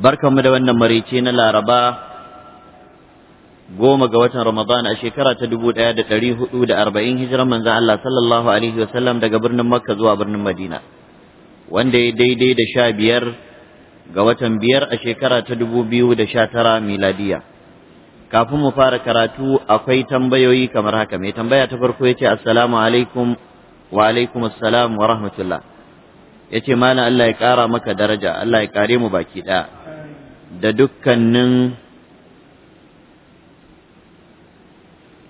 barkanmu da wannan marice na laraba goma ga watan ramadan a shekara ta dubu ɗaya da dari hudu da arba'in hijiran manzan Allah sallallahu alaihi wasallam daga birnin makka zuwa birnin madina wanda ya daidai da sha biyar ga watan biyar a shekara ta dubu biyu da sha tara miladiya kafin mu fara karatu akwai tambayoyi kamar haka mai tambaya ta farko ya ce assalamu alaikum wa alaikum assalam wa rahmatullah ya ce malam Allah ya kara maka daraja Allah ya kare mu baki ɗaya da dukkanin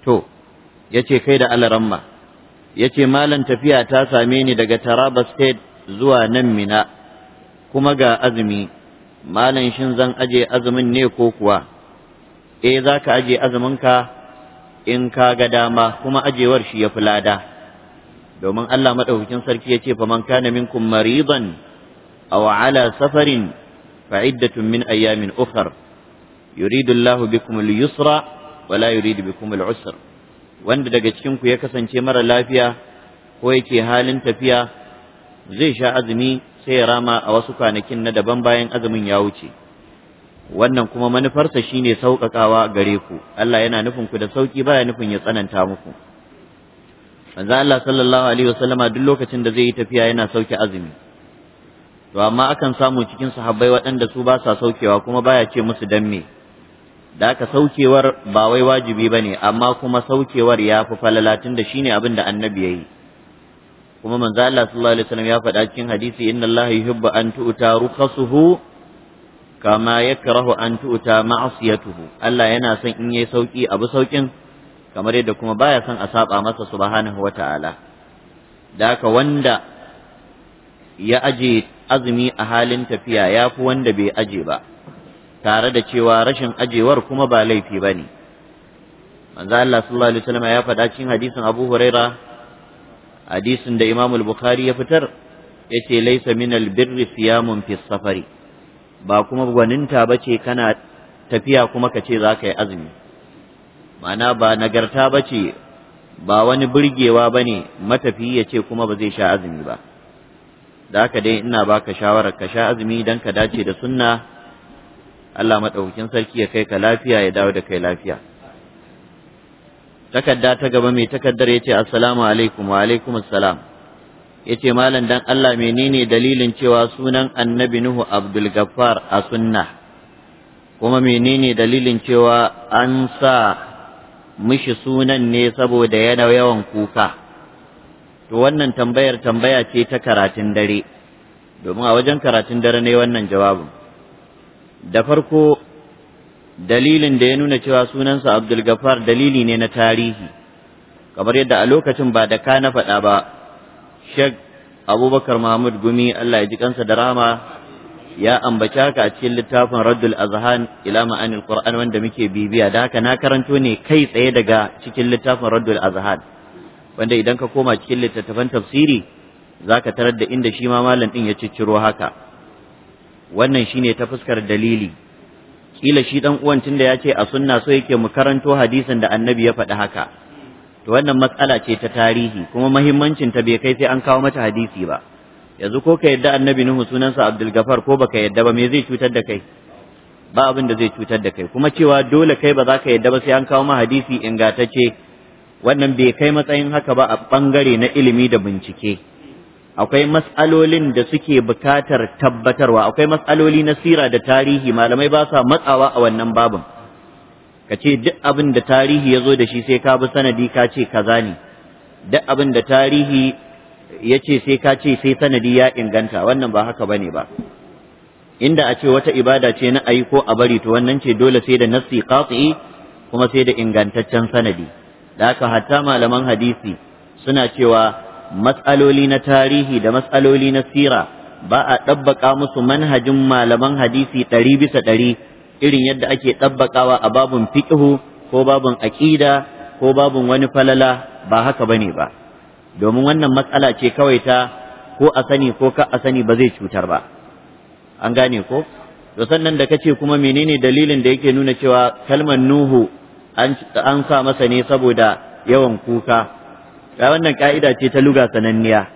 to ya ce kai da alaramma ya ce malan tafiya ta same ni daga taraba state zuwa nan mina kuma ga azumi malan shin zan aje azumin ne ko kuwa e za ka aje azuminka in ka ga dama kuma ajewar shi ya fi lada domin allah maɗaukakin sarki ya ce faman kana minkum mariban aw ala safarin فعدة من أيام أخر يريد الله بكم اليسر ولا يريد بكم العسر wanda daga cikin ku ya kasance mara lafiya ko yake halin tafiya zai sha azumi sai ya rama a wasu kwanakin na daban bayan azumin ya wuce wannan kuma manufarsa shine sauƙaƙawa gare ku Allah yana nufin ku da sauƙi baya nufin ya tsananta muku manzo Allah sallallahu alaihi wasallama duk lokacin da zai yi tafiya yana sauke azumi to amma akan samu cikin sahabbai waɗanda su ba sa saukewa kuma baya ce musu dan me da aka saukewar ba wai wajibi ba ne amma kuma saukewar ya fi falalatin da shine abin da annabi ya yi kuma manzo Allah sallallahu alaihi wasallam ya faɗa cikin hadisi inna Allah yuhibbu an tu'ta rukhasuhu kama yakrahu an tu'ta ma'siyatuhu Allah yana son in yayi sauki abu saukin kamar yadda kuma baya son a saba masa subhanahu wata'ala da ka wanda ya ajiye. azumi a halin tafiya ya fi wanda bai aje ba tare da cewa rashin ajewar kuma ba laifi ba ne manzo Allah sallallahu alaihi wasallam ya faɗa cikin hadisin Abu Huraira hadisin da Imam bukhari ya fitar yace laisa min albirri birri siyamun fi safari ba kuma gwaninta ba ce kana tafiya kuma ka ce za ka yi azumi ma'ana ba nagarta ba ce, ba wani burgewa matafi ya ce kuma ba zai sha azumi ba da haka dai ina baka shawarar ka sha azumi dan ka dace da sunna Allah madaukakin sarki ya kai ka lafiya ya dawo da kai lafiya takarda ta gaba mai takaddar yace assalamu alaikum wa alaikum assalam yace malam dan Allah menene dalilin cewa sunan annabi nuhu abdul gaffar a sunna kuma menene dalilin cewa an sa mishi sunan ne saboda yana yawan kuka to wannan tambayar tambaya ce ta karatun dare domin a wajen karatun dare ne wannan jawabin da farko dalilin da ya nuna cewa sunansa Abdul Gaffar dalili ne na tarihi kamar yadda a lokacin ba da ka na faɗa ba Sheikh Abubakar Mahmud Gumi Allah ya ji kansa da rama ya ambaci ka a cikin littafin Raddul Azhan ila ma'anil Qur'an wanda muke bibiya da haka na karanto ne kai tsaye daga cikin littafin Raddul Azhan wanda idan ka koma cikin littattafan tafsiri zaka tarar da inda shi ma malam ɗin ya cicciro haka wannan shine ta fuskar dalili kila shi dan uwan tunda ya ce a sunna so yake mu karanto hadisin da annabi ya faɗi haka to wannan matsala ce ta tarihi kuma mahimmancin ta bai kai sai an kawo mata hadisi ba yanzu ko ka yadda annabi nuhu sunansa Abdulgafar gafar ko baka yadda ba me zai cutar da kai ba abin da zai cutar da kai kuma cewa dole kai ba za ka yadda ba sai an kawo ma hadisi ingantacce wannan bai kai matsayin haka ba a ɓangare na ilimi da bincike akwai matsalolin da suke bukatar tabbatarwa akwai matsaloli na sira da tarihi malamai ba sa matsawa a wannan babin ka ce duk abin da tarihi ya zo da shi sai ka bi sanadi ka ce kaza ne duk abin da tarihi ya ce sai ka ce sai sanadi ya inganta wannan ba haka bane ba inda a ce wata ibada ce na ayi ko a bari to wannan ce dole sai da nassi qati'i kuma sai da ingantaccen sanadi da aka hatta malaman hadisi suna cewa matsaloli na tarihi da matsaloli na sira ba a ɗabbaka musu manhajin malaman hadisi ɗari bisa ɗari irin yadda ake ɗabbakawa a babun fiƙihu ko babun aƙida ko babun wani falala ba haka bane ba domin wannan matsala ce kawai ta ko a sani ko ka a sani ba zai cutar ba an gane ko to sannan da kace kuma menene dalilin da yake nuna cewa kalmar nuhu an sa masa ne saboda yawan kuka ga wannan ka'ida ce ta luga sananniya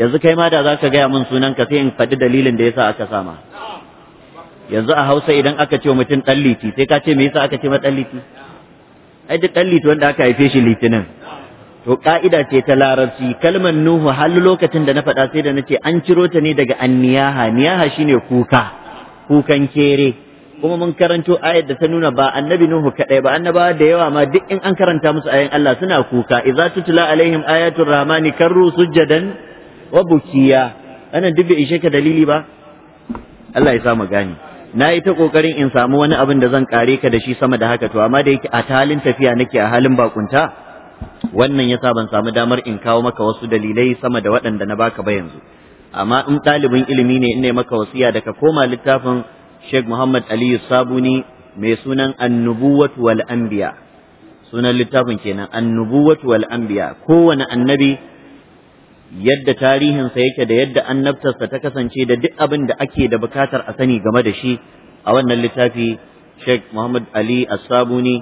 yanzu kai ma da za ka gaya min sunanka sai in faɗi dalilin da yasa aka sama yanzu a hausa idan aka ce mutum ɗan liti sai ka ce me yasa aka ce ma ɗan liti ai duk ɗan liti wanda aka haife shi litinin to ka'ida ce ta larabci kalmar nuhu har lokacin da na faɗa sai da na ce an ciro ta ne daga anniyaha niyaha shine kuka kukan kere kuma mun karanto ayar da ta nuna ba annabi nuhu kaɗai, ba annabawa da yawa ma duk in an karanta musu ayan Allah suna kuka idza tutla alaihim ayatul rahmani karru sujadan wa bukiya ana duk bai ishe ka dalili ba Allah ya sa mu gani na yi ta kokarin in samu wani abin da zan kare ka da shi sama da haka to amma da yake a halin tafiya nake a halin bakunta wannan yasa ban samu damar in kawo maka wasu dalilai sama da waɗanda na baka ba yanzu amma in ɗalibin ilimi ne in ne maka wasiya da ka koma littafin Sheikh Muhammad Ali Sabuni mai sunan annubuwatu wal Anbiya sunan littafin kenan annubuwatu wal Anbiya kowane annabi yadda tarihinsa yake da yadda annabtarsa ta kasance da duk abin da ake da bukatar a sani game da shi a wannan littafi Sheikh Muhammad Ali sabuni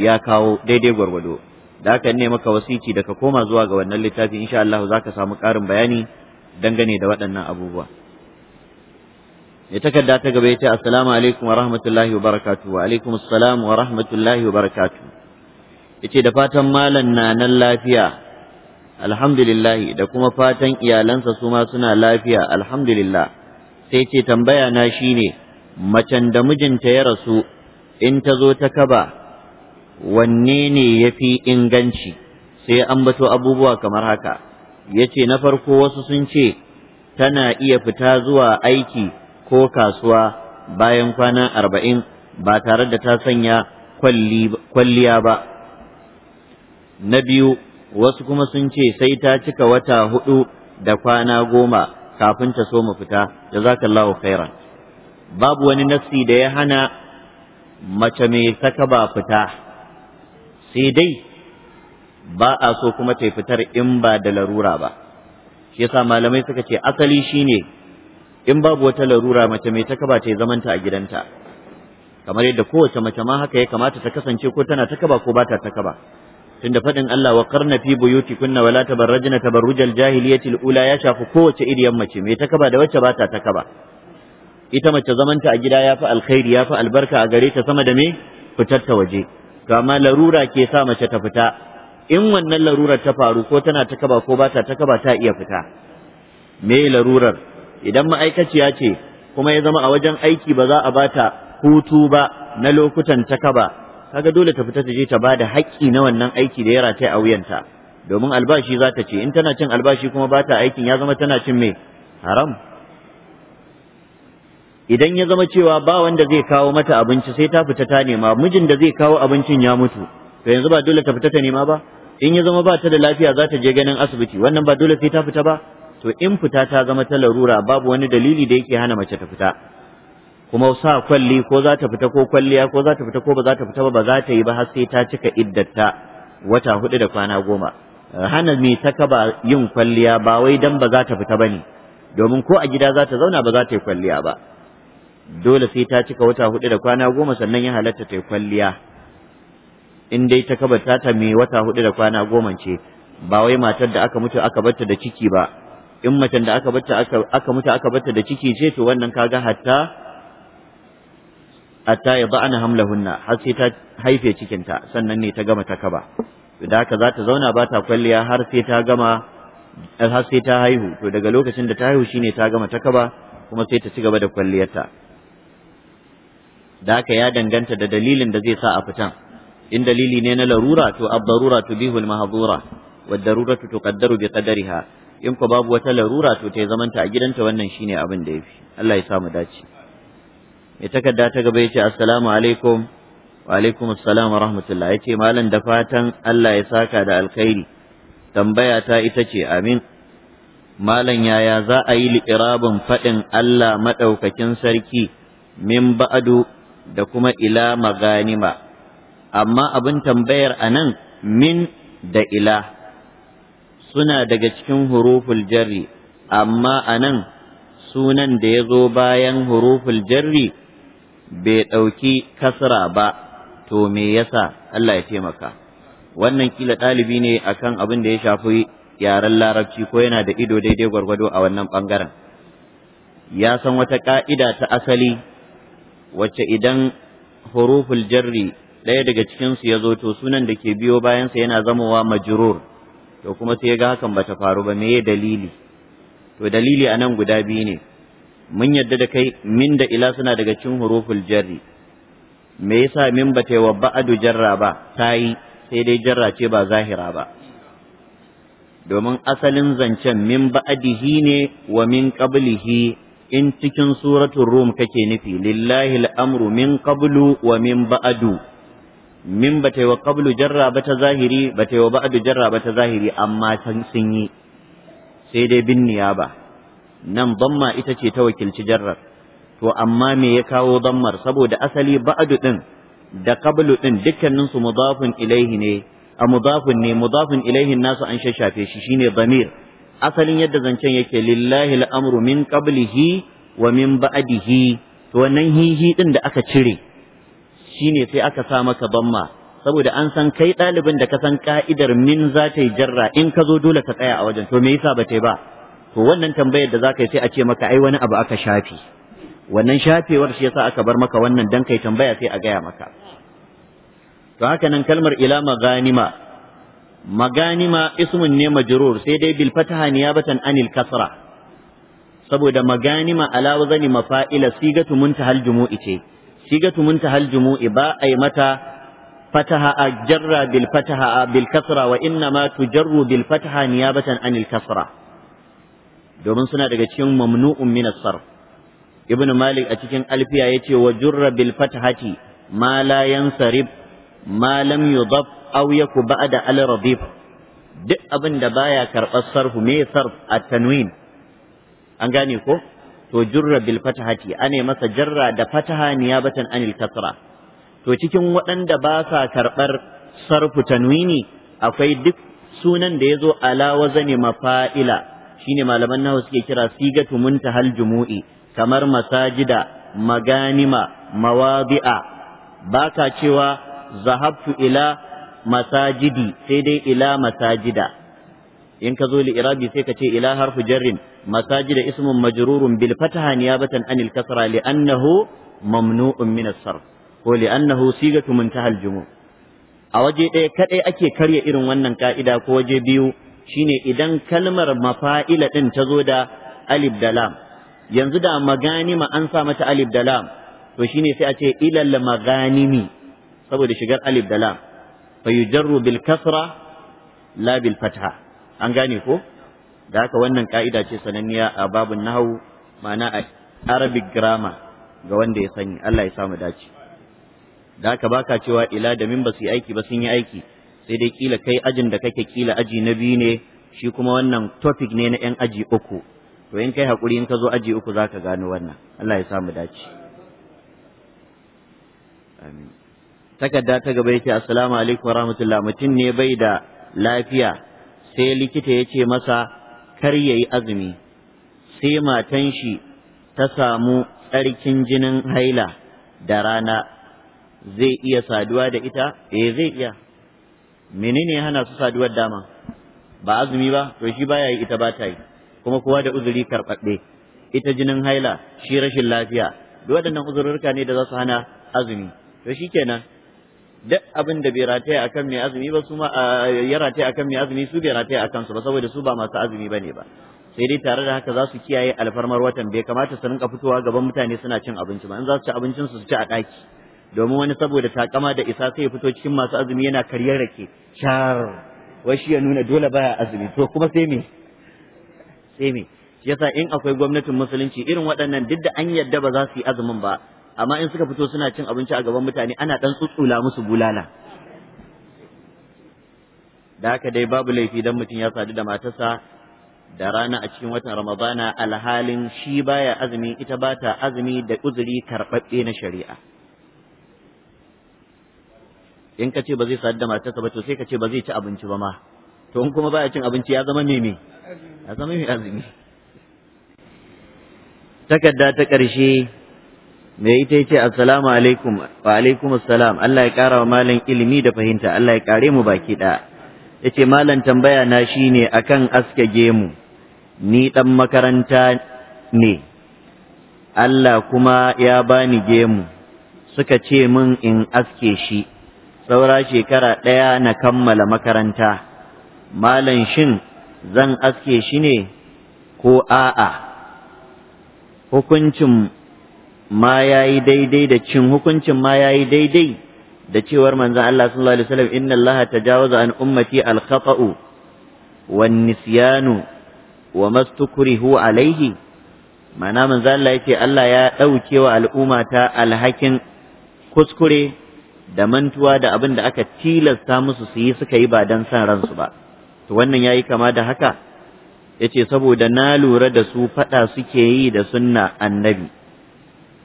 ya kawo daidai gwargwado da haka ne maka wasici da ka koma zuwa ga wannan littafi insha Allah za ka samu karin bayani dangane da waɗannan abubuwa mai takarda ta gaba ya ce assalamu alaikum wa rahmatullahi wa barakatu wa alaikum assalam wa rahmatullahi wa barakatu ya ce da fatan malam na nan lafiya alhamdulillah da kuma fatan iyalansa su ma suna lafiya alhamdulillah sai ce tambaya na shine macen da mijinta ya rasu in ta zo ta kaba wanne ne ya fi inganci sai an bato abubuwa kamar haka ya ce na farko wasu sun ce tana iya fita zuwa aiki ko kasuwa bayan kwana arba'in ba tare da ta sanya kwalliya ba na biyu wasu kuma sun ce sai ta cika wata hudu da kwana goma kafin ta so mu fita da jazakallahu khairan babu wani nassi da ya hana mace mai saka ba fita sai dai ba a so kuma ta fitar in ba da larura ba shi yasa malamai suka ce asali shine in babu wata larura mace mai ta kaba ta yi zamanta a gidanta kamar yadda kowace mace ma haka ya kamata ta kasance ko tana ta kaba ko ba ta ta kaba tunda faɗin Allah wa qarna fi kunna wala tabarrajna tabarrujal jahiliyyati ula ya shafi kowace iriyar mace mai ta kaba da wacce ba ta ta kaba ita mace zamanta a gida ya fi alkhairi ya fi albarka a gare ta sama da me fitar ta waje to amma larura ke sa mace ta fita in wannan larurar ta faru ko tana ta kaba ko ba ta kaba ta iya fita me larurar idan ma'aikaciya ce kuma ya zama a wajen aiki ba za a bata hutu ba na lokutan ta kaba kaga dole ta fita ta je ta bada haƙƙi na wannan aiki da ya rataya a wuyanta domin albashi za ta ce in tana cin albashi kuma ba ta aikin ya zama tana cin me haram idan ya zama cewa ba wanda zai kawo mata abinci sai ta fita ta nema mijin da zai kawo abincin ya mutu to yanzu ba dole ta fita ta nema ba in ya zama ba ta da lafiya za ta je ganin asibiti wannan ba dole sai ta fita ba to in fita ta zama ta larura babu wani dalili da yake hana mace ta fita kuma sa kwalli ko za ta fita ko kwalliya ko za ta fita ko ba za ta fita ba ba za ta yi ba har sai ta cika iddata wata hudu da kwana goma hana mai kaba yin kwalliya ba wai dan ba za ta fita bane domin ko a gida za ta zauna ba za ta yi kwalliya ba dole sai ta cika wata hudu da kwana goma sannan ya halatta ta yi kwalliya in dai ta kaba ta ta mai wata hudu da kwana goma ce ba wai matar da aka mutu aka barta da ciki ba in macen da aka aka mutu aka bata da ciki ce to wannan kaga hatta hatta ya ba'ana hamlahunna har sai ta haife cikinta sannan ne ta gama ta kaba da haka za ta zauna ba ta kwalliya har sai ta gama har sai ta haihu to daga lokacin da ta haihu shine ta gama ta kaba kuma sai ta ci gaba da kwalliyarta da haka ya danganta da dalilin da zai sa a fitan in dalili ne na larura to abdarura tubihu almahdura wad daruratu tuqaddaru bi qadariha in ko babu wata larura to ta zamanta a gidanta wannan shine abin da yafi Allah ya samu dace mai takarda ta gaba yace assalamu alaikum wa alaikum assalam wa rahmatullah yace malam da fatan Allah ya saka da alkhairi tambaya ta ita ce amin malam yaya za a yi liƙirabin faɗin Allah maɗaukakin sarki min ba'adu da kuma ila maganima amma abin tambayar anan min da ila suna daga cikin huruful jarri amma anan sunan da ya zo bayan huruful jarri bai ɗauki kasra ba to me yasa Allah ya taimaka wannan kila ɗalibi ne akan abin da ya shafi yaren larabci ko yana da ido daidai gwargwado a wannan bangaren? ya san wata ƙa'ida ta asali wacce idan huruful jarri ɗaya daga cikinsu ya zo to sunan da ke biyo bayansa yana zamowa majrur to kuma sai ga hakan bata faru ba me dalili to dalili anan guda biyu ne mun yadda da kai min da ila suna daga cin huruful jarri me yasa min ba ta wa ba'adu jarra ba ta yi sai dai jarra ce ba zahira ba domin asalin zancen min ba'adihi ne wa min qablihi in cikin suratun rum kake nufi lillahi al'amru min qablu wa min ba'adu min ba ta yi wa qablu jarra ba ta zahiri ba ta yi wa ba'adu jarra ba ta zahiri amma sun yi sai dai bin niyaba nan damma ita ce ta wakilci jarrar to amma me ya kawo dammar saboda asali ba'du din da qablu din dukkanin su mudafun ilaihi ne a mudafun ne mudafun ilaihi nasu an shashafe shi shine damir asalin yadda zancen yake lillahi al'amru min qablihi wa min ba'dihi to wannan hihi din da aka cire shine sai aka sa maka bamma saboda an san kai ɗalibin da ka san ka'idar min za ta yi jarra in ka zo dole ka tsaya a wajen to me yasa ba ta yi ba to wannan tambayar da za ka yi sai a ce maka ai wani abu aka shafe wannan shafewar shi yasa aka bar maka wannan dan kai tambaya sai a gaya maka to haka nan kalmar ila maganima maganima ismun ne majrur sai dai bil fataha niyabatan anil kasra saboda maganima ala wazani mafa'ila sigatu muntahal jumu'i ce shigatu tumunta jumu'i ba a yi mata fataha a jarra bil fataha bil kasra wa inna ma Jarru bil fataha niyabatan anil kasra domin suna daga cikin mamnu'un min as-sarf ibn malik a cikin alfiya yace wa jurra bil fatahati ma la yansarib ma lam yudaf aw yaku ba'da al radif duk abin da baya karɓar sarfu me sarf at tanwin an gane ko to jurra bil fatahati ane masa jarra da fataha niyabatan anil kasra to cikin waɗanda ba sa karɓar sarfu tanwini akwai duk sunan da yazo ala wazani mafa'ila shine malaman nawa suke kira sigatu muntahal jumu'i kamar masajida maganima mawadi'a ba ka cewa zahabtu ila masajidi sai dai ila masajida in ka zo li irabi sai ka ce ila harfu jarrin masajida ismun majrurun bil fataha niyabatan anil kasra li annahu mamnu'un min as-sarf ko li annahu sigatu muntaha al a waje ɗaya kaɗai ake karya irin wannan ka'ida ko waje biyu shine idan kalmar mafa'ila ɗin ta zo da alif da lam yanzu da maganima an sa mata alif da lam to shine sai a ce ilal maganimi saboda shigar alif da lam fa yujarru bil kasra la bil fatha an gane ko da haka wannan ka'ida ce sananniya a babun nahu ma'ana a arabic grammar ga wanda ya sani Allah ya samu dace da haka baka cewa ila da min ba su yi aiki ba sun yi aiki sai dai kila kai ajin da kake kila aji na biyu ne shi kuma wannan topic ne na yan aji uku to in kai hakuri in ka zo aji uku zaka gano wannan Allah ya samu dace amin takarda ta gaba yake assalamu alaikum warahmatullahi mutum ne bai da lafiya sai likita ya ce masa kar ya yi azumi sai matan shi ta samu tsarkin jinin haila da rana zai iya saduwa da ita eh zai iya menene hana su saduwar dama ba azumi ba to shi baya yi ita ba ta yi kuma kowa da uzuri karɓaɓɓe ita jinin haila shi rashin lafiya duk waɗannan uzururka ne da za su hana azumi to shi kenan. duk abin da bai rataya akan mai azumi ba su ma ya rataya akan mai azumi su bai rataya akan su ba saboda su ba masu azumi bane ba sai dai tare da haka za su kiyaye alfarmar watan bai kamata su rinka fitowa gaban mutane suna cin abinci ba in za su ci abincin su su ci a daki. domin wani saboda takama da isa sai ya fito cikin masu azumi yana karyar rake char wai shi ya nuna dole baya azumi to kuma sai me sai me yasa in akwai gwamnatin musulunci irin waɗannan duk da an yadda ba za su yi azumin ba amma in suka fito suna cin abinci a gaban mutane ana dan tsutsula musu bulala da haka dai babu laifi dan mutum ya sadu da matarsa da rana a cikin watan ramadana alhalin shi baya azumi ita ba ta azumi da uzuri karɓaɓɓe na shari'a in ka ce ba zai sadu da matarsa ba to sai ka ce ba zai ci abinci ba ma to in kuma baya cin abinci ya zama meme ya zama mai azumi takarda ta ƙarshe me ita yace assalamu alaikum wa alaikum assalam Allah ya kara wa malam ilimi da fahimta Allah ya kare mu baki da yace malam tambaya na shine akan aske gemu ni dan makaranta ne Allah kuma ya bani gemu suka ce min in aske shi saura shekara ɗaya na kammala makaranta malam shin zan aske shi ne ko a'a hukuncin ma yayi daidai da cin hukuncin ma yayi daidai da cewar manzon Allah sallallahu alaihi wasallam inna Allah tajawaza an ummati al-khata'u wan nisyanu wa mastukrihu alaihi mana manzo Allah yake Allah ya dauke wa al'umma ta alhakin kuskure da mantuwa da abin da aka tilasta musu su yi suka yi ba dan san ransu ba to wannan yayi kama da haka yace saboda na lura da su fada suke yi da sunna annabi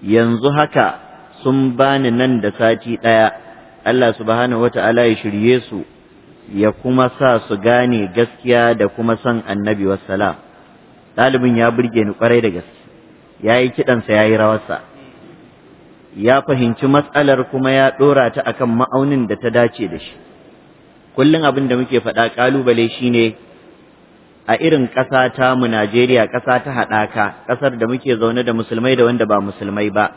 yanzu haka sun bani nan da sati ɗaya Allah subhanahu wata'ala ya shirye su ya kuma sa su gane gaskiya da kuma son annabi wassalam ɗalibin ya burge ni kwarai da gaske ya yi kiɗansa ya yi rawarsa ya fahimci matsalar kuma ya ɗora ta akan ma'aunin da ta dace da shi kullum abin da muke faɗa ƙalubale shine a irin ƙasa ta mu Najeriya ƙasa ta haɗaka ƙasar da muke zaune da musulmai da wanda ba musulmai ba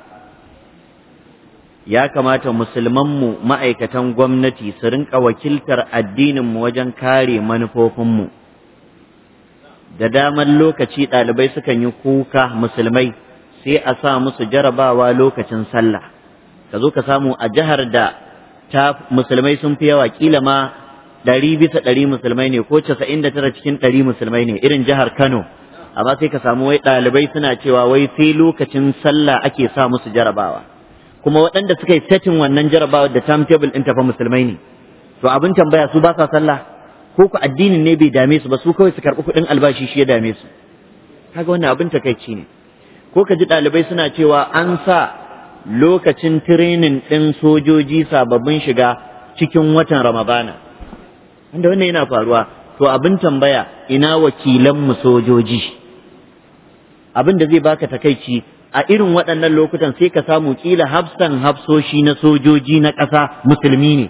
ya kamata musulman mu ma'aikatan gwamnati su rinka wakiltar addinin mu wajen kare manufofin mu. da damar lokaci ɗalibai sukan yi kuka musulmai sai a sa musu jarabawa lokacin sallah ka zo ka samu a jihar da ta musulmai sun fi yawa kila ma ɗari bisa ɗari musulmai ne ko casa'in da tara cikin ɗari musulmai ne irin jihar Kano amma sai ka samu wai ɗalibai suna cewa wai sai lokacin sallah ake sa musu jarabawa kuma waɗanda suka yi setin wannan jarabawa da timetable ɗin tafa musulmai ne to abin tambaya su ba sa sallah ko ku addinin ne bai dame su ba su kawai su karɓi kuɗin albashi shi ya dame su kaga wannan abin takaici ne ko ka ji ɗalibai suna cewa an sa lokacin tirenin ɗin sojoji sababbin shiga cikin watan ramadana inda wannan yana faruwa to abin tambaya ina wakilan mu sojoji abin da zai baka takaici a irin waɗannan lokutan sai ka samu kila hafsan hafsoshi na sojoji na ƙasa musulmi ne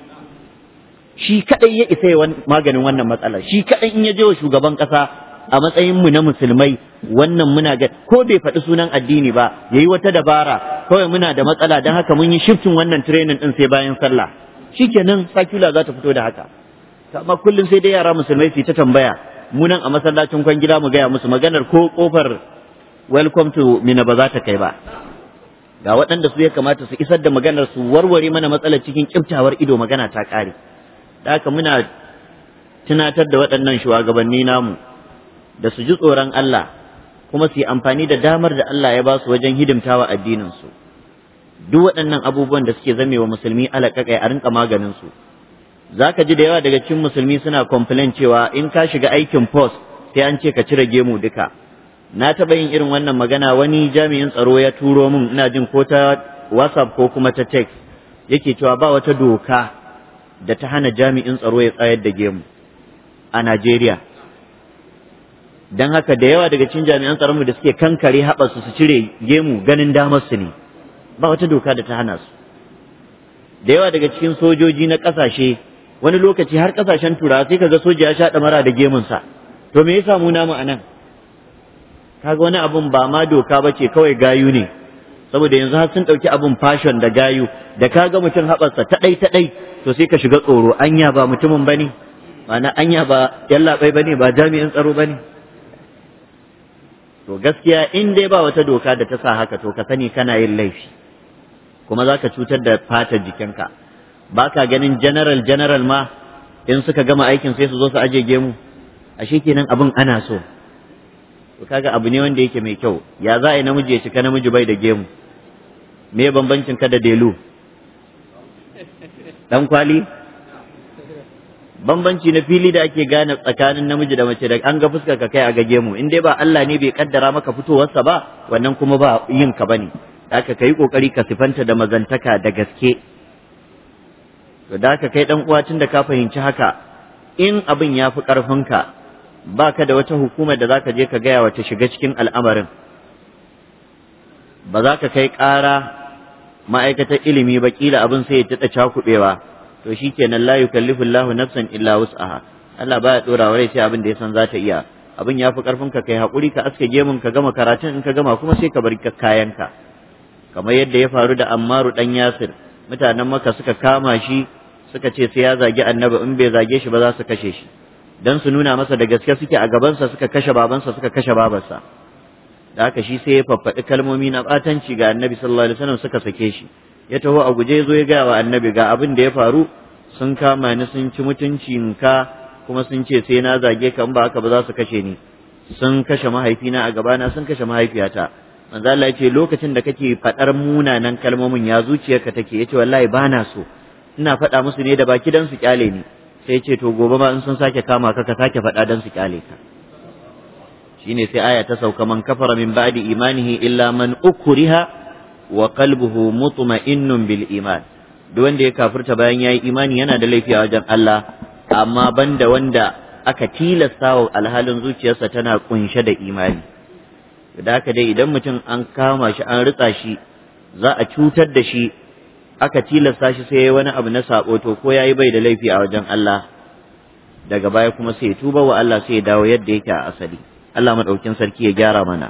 shi kaɗai ya isa maganin wannan matsala shi kaɗai in ya je wa shugaban ƙasa a matsayin mu na musulmai wannan muna ga ko bai faɗi sunan addini ba yayi wata dabara kawai muna da matsala don haka mun yi shiftin wannan training ɗin sai bayan sallah shikenan sakula za ta fito da haka amma kullum sai dai yara musulmai su ta tambaya munan a masallacin kwan gida mu gaya musu maganar ko kofar welcome to mina ba za ta kai ba ga waɗanda su ya kamata su isar da maganar su warware mana matsalar cikin kiftawar ido magana ta ƙare da haka muna tunatar da waɗannan shugabanni namu da su ji tsoron Allah kuma su yi amfani da damar da Allah ya ba su wajen hidimtawa addinin su duk waɗannan abubuwan da suke zamewa musulmi alaƙaƙai a rinka su Za ka ji da yawa daga cikin musulmi suna complain cewa in ka shiga aikin post sai an ce ka cire gemu duka na taɓa yin irin wannan magana wani jami'in tsaro ya turo min ina jin ko ta whatsapp ko kuma ta text yake cewa ba wata doka da ta hana jami'in tsaro ya tsayar da gemu a Najeriya don haka da yawa daga cikin jami'an tsaronmu da suke kankare haɓarsu su cire gemu ganin damar su ne ba wata doka da ta hana su da yawa daga cikin sojoji na ƙasashe wani lokaci har kasashen turawa sai ka ga soja ya sha damara da gemunsa to me ya samu namu anan kaga wani abun ba ma doka bace kawai gayu ne saboda yanzu har sun ɗauki abin fashon da gayu da ka ga mutum haɓarsa ta ɗai ta ɗai to sai ka shiga tsoro anya ba mutumin bane ma'ana anya ba yallaɓai bane ba jami'in tsaro bane to gaskiya in dai ba wata doka da ta sa haka to ka sani kana yin laifi kuma za ka cutar da fatar jikinka ba ka ganin general general ma in suka gama aikin sai su zo su aje gemu ashe kenan abin ana so to kaga abu ne wanda yake mai kyau ya za a yi namiji ya cika namiji bai da gemu me bambancin ka da delu dan kwali bambanci na fili da ake gane tsakanin namiji da mace da an ga fuskar ka kai a ga gemu in dai ba Allah ne bai kaddara maka fitowarsa ba wannan kuma ba yin ka bane haka kai kokari ka sifanta da mazantaka da gaske to da ka kai dan uwa tun da ka fahimci haka in abin ya fi ba baka da wata hukumar da za ka je ka gaya wa ta shiga cikin al'amarin ba za ka kai ƙara ma'aikatar ilimi ba kila abin sai ya taɗa cakuɓewa to shi kenan layu kallifin lahu nafsan illa wus'aha Allah baya ɗora wa sai abin da ya san za ta iya abin ya fi ƙarfin ka kai haƙuri ka aske gemun ka gama karatun in ka gama kuma sai ka bar kayanka kamar yadda ya faru da ammaru ɗan yasir mutanen maka suka kama shi suka ce sai ya zagi annabi in bai zage shi ba za su kashe shi dan su nuna masa da gaske suke a gabansa suka kashe babansa suka kashe babarsa da haka shi sai ya faffaɗi kalmomi na ɓatanci ga annabi sallallahu alaihi wasallam suka sake shi ya taho a guje zo ya gaya wa annabi ga abin da ya faru sun kama ni sun ci mutuncin ka kuma sun ce sai na zage ka in ba haka ba za su kashe ni sun kashe mahaifina a gabana sun kashe mahaifiyata manzo Allah ya ce lokacin da kake faɗar munanan kalmomin ya zuciyarka take yace wallahi na so ina faɗa musu ne da baki dan su kyale ni sai ce to gobe ma in sun sake kama ka ka sake faɗa dan su kyale ka shine sai aya ta sauka man kafara min ba'di imanihi illa man ukriha wa qalbuhu mutma'innun bil iman duk wanda ya kafirta bayan yayi imani yana da laifi a wajen Allah amma banda wanda aka tilasta wa alhalin zuciyarsa tana kunshe da imani da haka dai idan mutum an kama shi an ritsa shi za a cutar da shi aka tilasta shi sai wani abu na sabo to ko yayi bai da laifi a wajen Allah daga baya kuma sai ya tuba wa Allah sai ya dawo yadda yake a asali Allah madaukin sarki ya gyara mana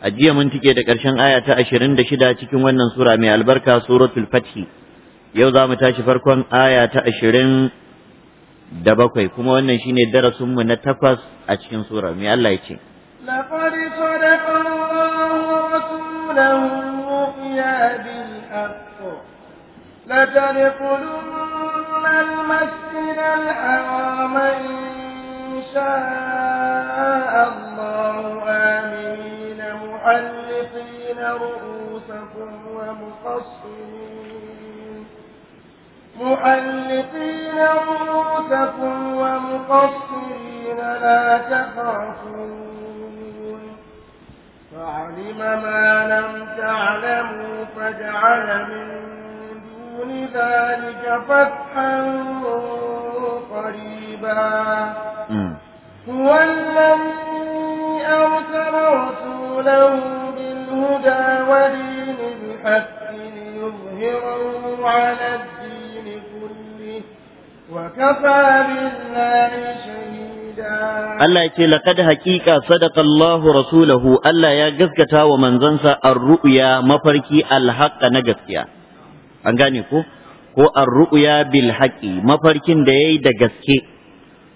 a jiya mun tike da ƙarshen aya ta shida cikin wannan sura mai albarka suratul fathi yau za mu tashi farkon aya ta 20 da bakwai kuma wannan shine darasin mu na takwas a cikin sura mai Allah ya ce laqad sadaqa Allahu لتدخلن المسجد الحرام إن شاء الله آمنين محلقين رؤوسكم ومقصرين محلقين رؤوسكم ومقصرين لا تخافون فعلم ما لم تعلموا فجعل من ذلك فتحا قريبا هو الذي أرسل رسوله بالهدى ودين الحق ليظهره على الدين كله وكفى بالله شهيدا الله يقول لقد حقيقة صدق الله رسوله الله يا جزكتا ومن زنسى الرؤيا مفركي الحق نجسيا an gane ko ko ar-ru'ya bil haqqi mafarkin da yayi da gaske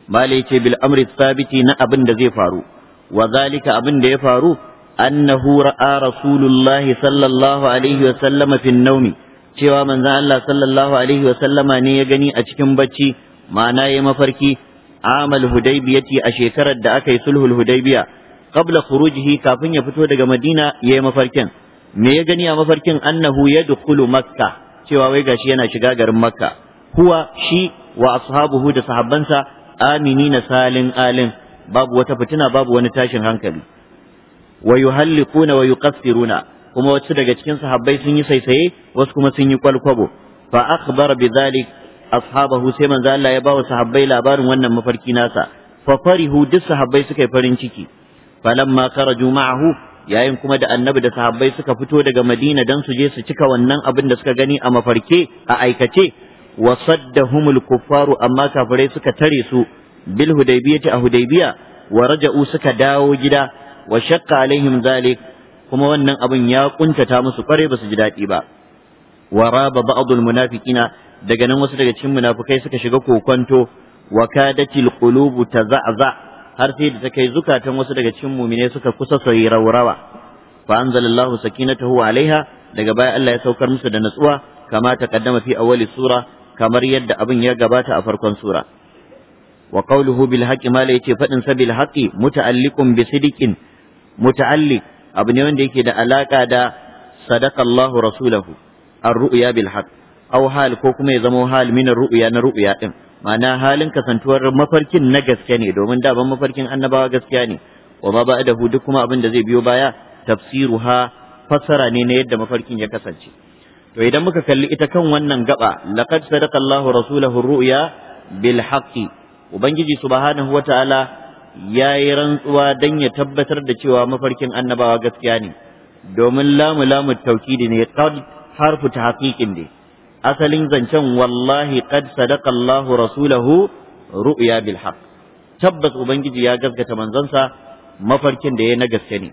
Bale ce bil amri sabiti na abin da zai faru wa zalika abin da ya faru annahu ra'a rasulullah sallallahu alaihi wa sallama fi naumi cewa manzon Allah sallallahu alaihi wa sallama ne ya gani a cikin bacci ma'ana ya mafarki amal hudaybiyati a shekarar da aka yi sulhul hudaybiya qabla khurujihi kafin ya fito daga madina ya yi mafarkin me ya gani a mafarkin annahu yadkhulu makkah cewa wai gashi yana shiga garin makka huwa shi wa ashabuhu da sahabbansa na salin alin babu wata fitina babu wani tashin hankali wa yuhalliquna wa yuqassiruna kuma wasu daga cikin sahabbai sun yi saisaye wasu kuma sun yi kwalkwabo fa akhbara bidhalik ashabahu sai manzo Allah ya ba wa sahabbai labarin wannan mafarki nasa fa farihu duk sahabbai suka yi farin ciki falamma kharaju ma'ahu yayin kuma da annabi da sahabbai suka fito daga madina don su je su cika wannan abin da suka gani a mafarke a aikace wa saddahumul kuffaru amma kafirai suka tare su bil hudaybiyati a hudaybiya wa raja'u suka dawo gida wa shaqqa alaihim zalik kuma wannan abin ya kuntata musu kware ba su ji daɗi ba wa raba ba'dul munafiqina daga nan wasu daga cikin munafikai suka shiga kokonto wa kadatil qulubu taza'za' har sai da ta kai zukatan wasu daga cikin mumine suka kusa su yi raurawa fa anzalallahu sakinatahu alaiha daga baya Allah ya saukar musu da natsuwa kama taqaddama fi awwali sura kamar yadda abin ya gabata a farkon sura wa qawluhu bil haqqi mala yace fadin sa bil haqqi muta'alliqun bi sidiqin muta'alliq abu ne wanda yake da alaka da sadaqallahu rasulahu ar-ru'ya bil haqq aw hal ko kuma ya zama hal min ar-ru'ya na ru'ya din ma'ana halin kasantuwar mafarkin na gaske ne domin daban mafarkin annabawa gaskiya ne wa ma ba'dahu duk kuma abin da zai biyo baya tafsiruha fassara ne na yadda mafarkin ya kasance to idan muka kalli ita kan wannan gaba laqad sadaqa Allahu rasulahu ru'ya bil haqqi ubangiji subhanahu wataala ya yi rantsuwa dan ya tabbatar da cewa mafarkin annabawa gaskiya ne domin lamu lamu taukidi ne harfu tahqiqin haƙiƙin ne asalin zancen wallahi qad sadaqa Allahu rasulahu ru'ya bil haqq tabbas ubangiji ya gaskata manzansa mafarkin da ya na gaske ne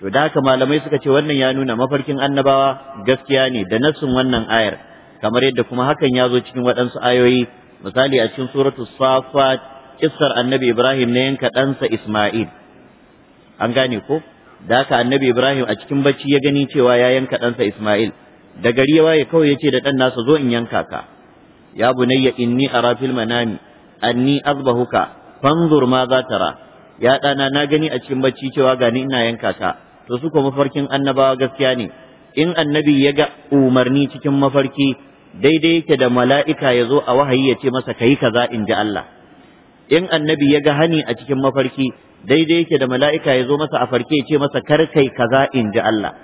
to da haka malamai suka ce wannan ya nuna mafarkin annabawa gaskiya ne da nassin wannan ayar kamar yadda kuma hakan ya zo cikin waɗansu ayoyi misali a cikin suratu safat kissar annabi ibrahim ne yanka ɗansa isma'il an gane ko da haka annabi ibrahim a cikin bacci ya gani cewa ya yanka ɗansa isma'il da gari ya waye kawai yace da dan nasa zo in yanka ka ya bunayya inni ara fil manami anni azbahuka fanzur ma za tara ya dana na gani a cikin bacci cewa gani ina yanka ka to su ko mafarkin annabawa gaskiya ne in annabi ya ga umarni cikin mafarki daidai yake da mala'ika ya zo a wahayi ya ce masa kayi kaza in ji Allah in annabi ya ga hani a cikin mafarki daidai yake da mala'ika ya zo masa a farke ya ce masa kar kai kaza in ji Allah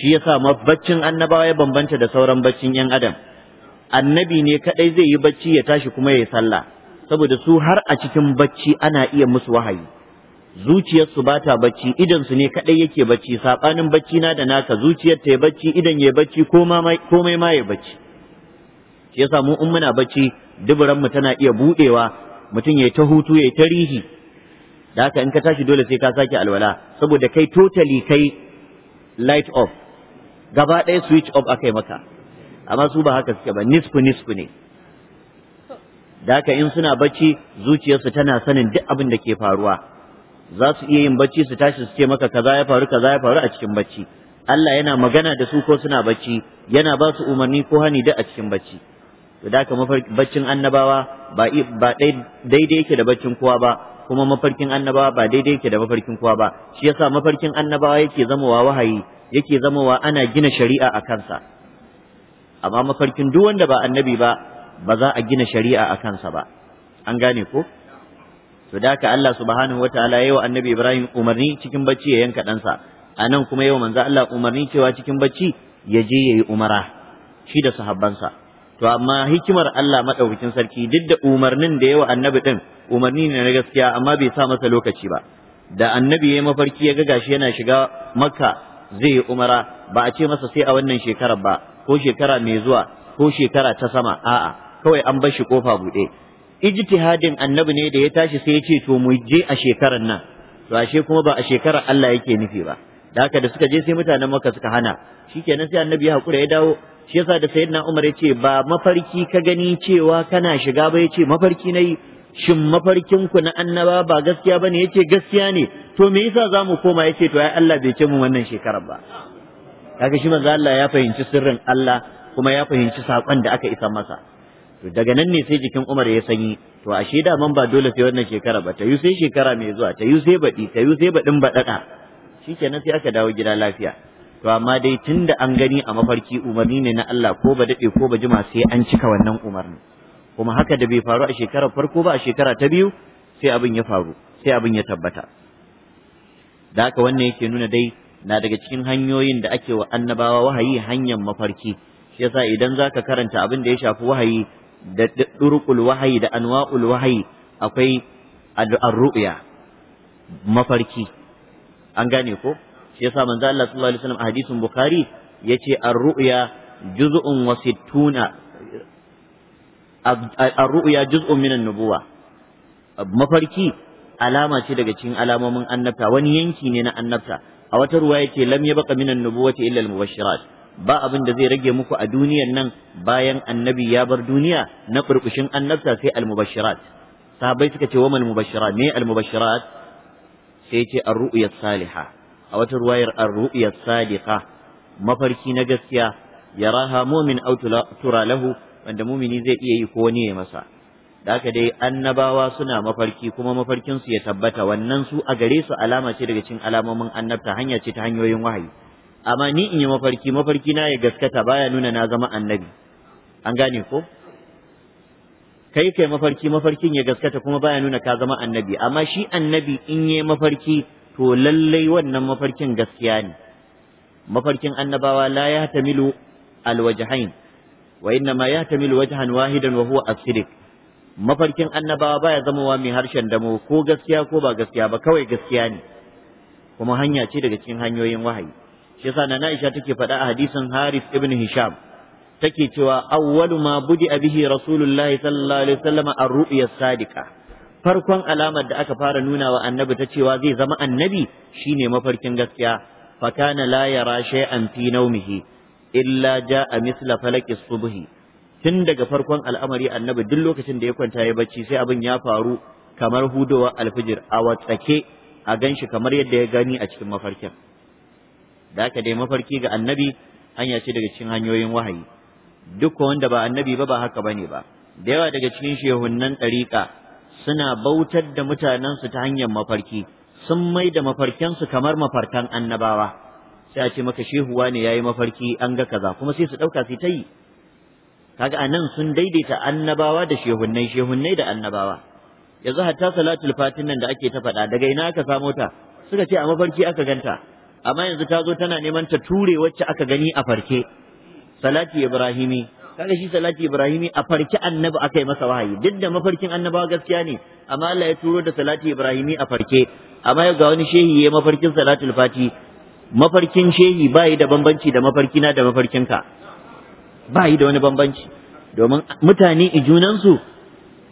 shi yasa baccin annabawa ya bambanta da sauran baccin yan adam annabi ne kaɗai zai yi bacci ya tashi kuma ya yi sallah saboda su har a cikin bacci ana iya musu wahayi zuciyarsu ba ta bacci idan ne kaɗai yake bacci sabanin bacci na da naka zuciyar ta ya bacci idan ya bacci komai ma ya bacci shi yasa mu in muna bacci duburan mu tana iya buɗewa mutum ya yi ta hutu ya yi ta rihi da haka in ka tashi dole sai ka sake alwala saboda kai totally kai light off gaba ɗaya switch off aka yi maka amma su ba haka suke ba nisku nisku ne da haka in suna bacci zuciyarsu tana sanin duk abin da ke faruwa za su iya yin bacci su tashi su ce maka kaza ya faru kaza ya faru a cikin bacci Allah yana magana da su ko suna bacci yana ba su umarni ko hani duk a cikin bacci to da haka baccin annabawa ba ba daidai yake da baccin kowa ba kuma mafarkin annabawa ba daidai yake da mafarkin kowa ba shi yasa mafarkin annabawa yake zama wa wahayi yake zamowa ana gina shari'a a kansa amma mafarkin duk wanda ba annabi ba ba za a gina shari'a a kansa ba an gane ko to da haka Allah subhanahu wataala yayi wa annabi Ibrahim umarni cikin bacci ya yanka ɗansa a nan kuma yau manzo Allah umarni cewa cikin bacci ya je yayi umara shi da sahabbansa to amma hikimar Allah madaukakin sarki duk da umarnin da yawa annabi din umarni ne na gaskiya amma bai sa masa lokaci ba da annabi yayi mafarki ya ga gashi yana shiga makka zai yi umara ba a ce masa sai a wannan shekarar ba ko shekara mai zuwa ko shekara ta sama a'a kawai an bar shi kofa buɗe ijtihadin annabi ne da ya tashi sai ya ce to mu je a shekarar nan to ashe kuma ba a shekarar Allah yake nufi ba da haka da suka je sai mutanen maka suka hana shikenan sai annabi ya hakura ya dawo shi yasa da sayyidina Umar ya ce ba mafarki ka gani cewa kana shiga ba ya ce mafarki nayi shin mafarkin ku na annaba ba gaskiya ba ne yace gaskiya ne to me yasa za mu koma yace to ai Allah bai ce mu wannan shekarar ba kaga shi manzo Allah ya fahimci sirrin Allah kuma ya fahimci sakon da aka isa masa to daga nan ne sai jikin Umar ya sanyi to ashe da man ba dole sai wannan shekara ba ta yi sai shekara mai zuwa ta yi sai baɗi ta yi sai baɗin baɗaɗa shikenan sai aka dawo gida lafiya to amma dai tunda an gani a mafarki umarni ne na Allah ko ba daɗe ko ba jima sai an cika wannan umarni kuma haka da bai faru a shekarar farko ba a shekara ta biyu sai abin ya faru sai abin ya tabbata da haka wannan yake nuna dai na daga cikin hanyoyin da ake wa annabawa wahayi hanyar mafarki shi yasa idan zaka karanta abin da ya shafi wahayi da durqul wahayi da anwa'ul wahayi akwai ar-ru'ya mafarki an gane ko shi yasa manzo Allah sallallahu alaihi wasallam a hadisin bukhari yace ar-ru'ya juz'un wa sittuna ar-ru'ya juz'un min an-nubuwa mafarki alama ce daga cikin alamomin annabta wani yanki ne na annabta a wata ruwa yace lamya yabqa min an-nubuwati illal al-mubashirat ba abin da zai rage muku a duniyan nan bayan annabi ya bar duniya na burkushin annabta sai al-mubashirat sahabbai suka ce wamal mubashirat me al sai ce ar-ru'ya salihah a wata ruwayar ar-ru'ya sadiqah mafarki na gaskiya yaraha mu'min aw tura lahu wanda mumini zai iya yi ko wani ya masa da aka dai annabawa suna mafarki kuma mafarkinsu ya tabbata wannan su a gare su alama ce daga cikin alamomin annabta hanya ce ta hanyoyin wahayi amma ni in yi mafarki mafarki na ya gaskata baya nuna na zama annabi an gane ko kai kai mafarki mafarkin ya gaskata kuma baya nuna ka zama annabi amma shi annabi in yi mafarki to lallai wannan mafarkin gaskiya ne mafarkin annabawa la ya tamilu alwajhain wa inna ma yahtamilu wajhan wahidan wa huwa mafarkin annabawa baya zama wa mai harshen damo ko gaskiya ko ba gaskiya ba kawai gaskiya ne kuma hanya ce daga cikin hanyoyin wahayi shi yasa nana Aisha take faɗa a hadisin Haris ibn Hisham take cewa awwalu ma budi bihi rasulullahi sallallahu alaihi wasallam ar-ru'ya sadiqa farkon alamar da aka fara nuna wa annabi ta cewa zai zama annabi shine mafarkin gaskiya fakana la yara shay'an fi nawmihi illa ja'a misla falaki subhi tun daga farkon al'amari annabi duk lokacin da ya kwanta ya bacci sai abin ya faru kamar hudowa alfijir a watsake a ganshi kamar yadda ya gani a cikin mafarkin da aka dai mafarki ga annabi hanya ce daga cikin hanyoyin wahayi duk wanda ba annabi ba ba haka bane ba da yawa daga cikin shehunnan ɗariƙa suna bautar da mutanensu ta hanyar mafarki sun mai da mafarkensu kamar mafarkan annabawa sai a ce maka shehuwa ne ya yi mafarki an ga kaza kuma sai su ɗauka su ta yi kaga a nan sun daidaita annabawa da shehunnai shehunnai da annabawa yanzu hatta salatul fatin nan da ake ta faɗa daga ina aka samo ta suka ce a mafarki aka ganta amma yanzu ta zo tana neman ta ture wacce aka gani a farke salati ibrahimi kaga shi salati ibrahimi a farke annabi aka yi masa wahayi duk da mafarkin annabawa gaskiya ne amma Allah ya turo da salati ibrahimi a farke amma ga wani shehi ya mafarkin salatul fati mafarkin shehi ba yi da bambanci da mafarki da mafarkinka ba yi da wani bambanci domin mutane ijunansu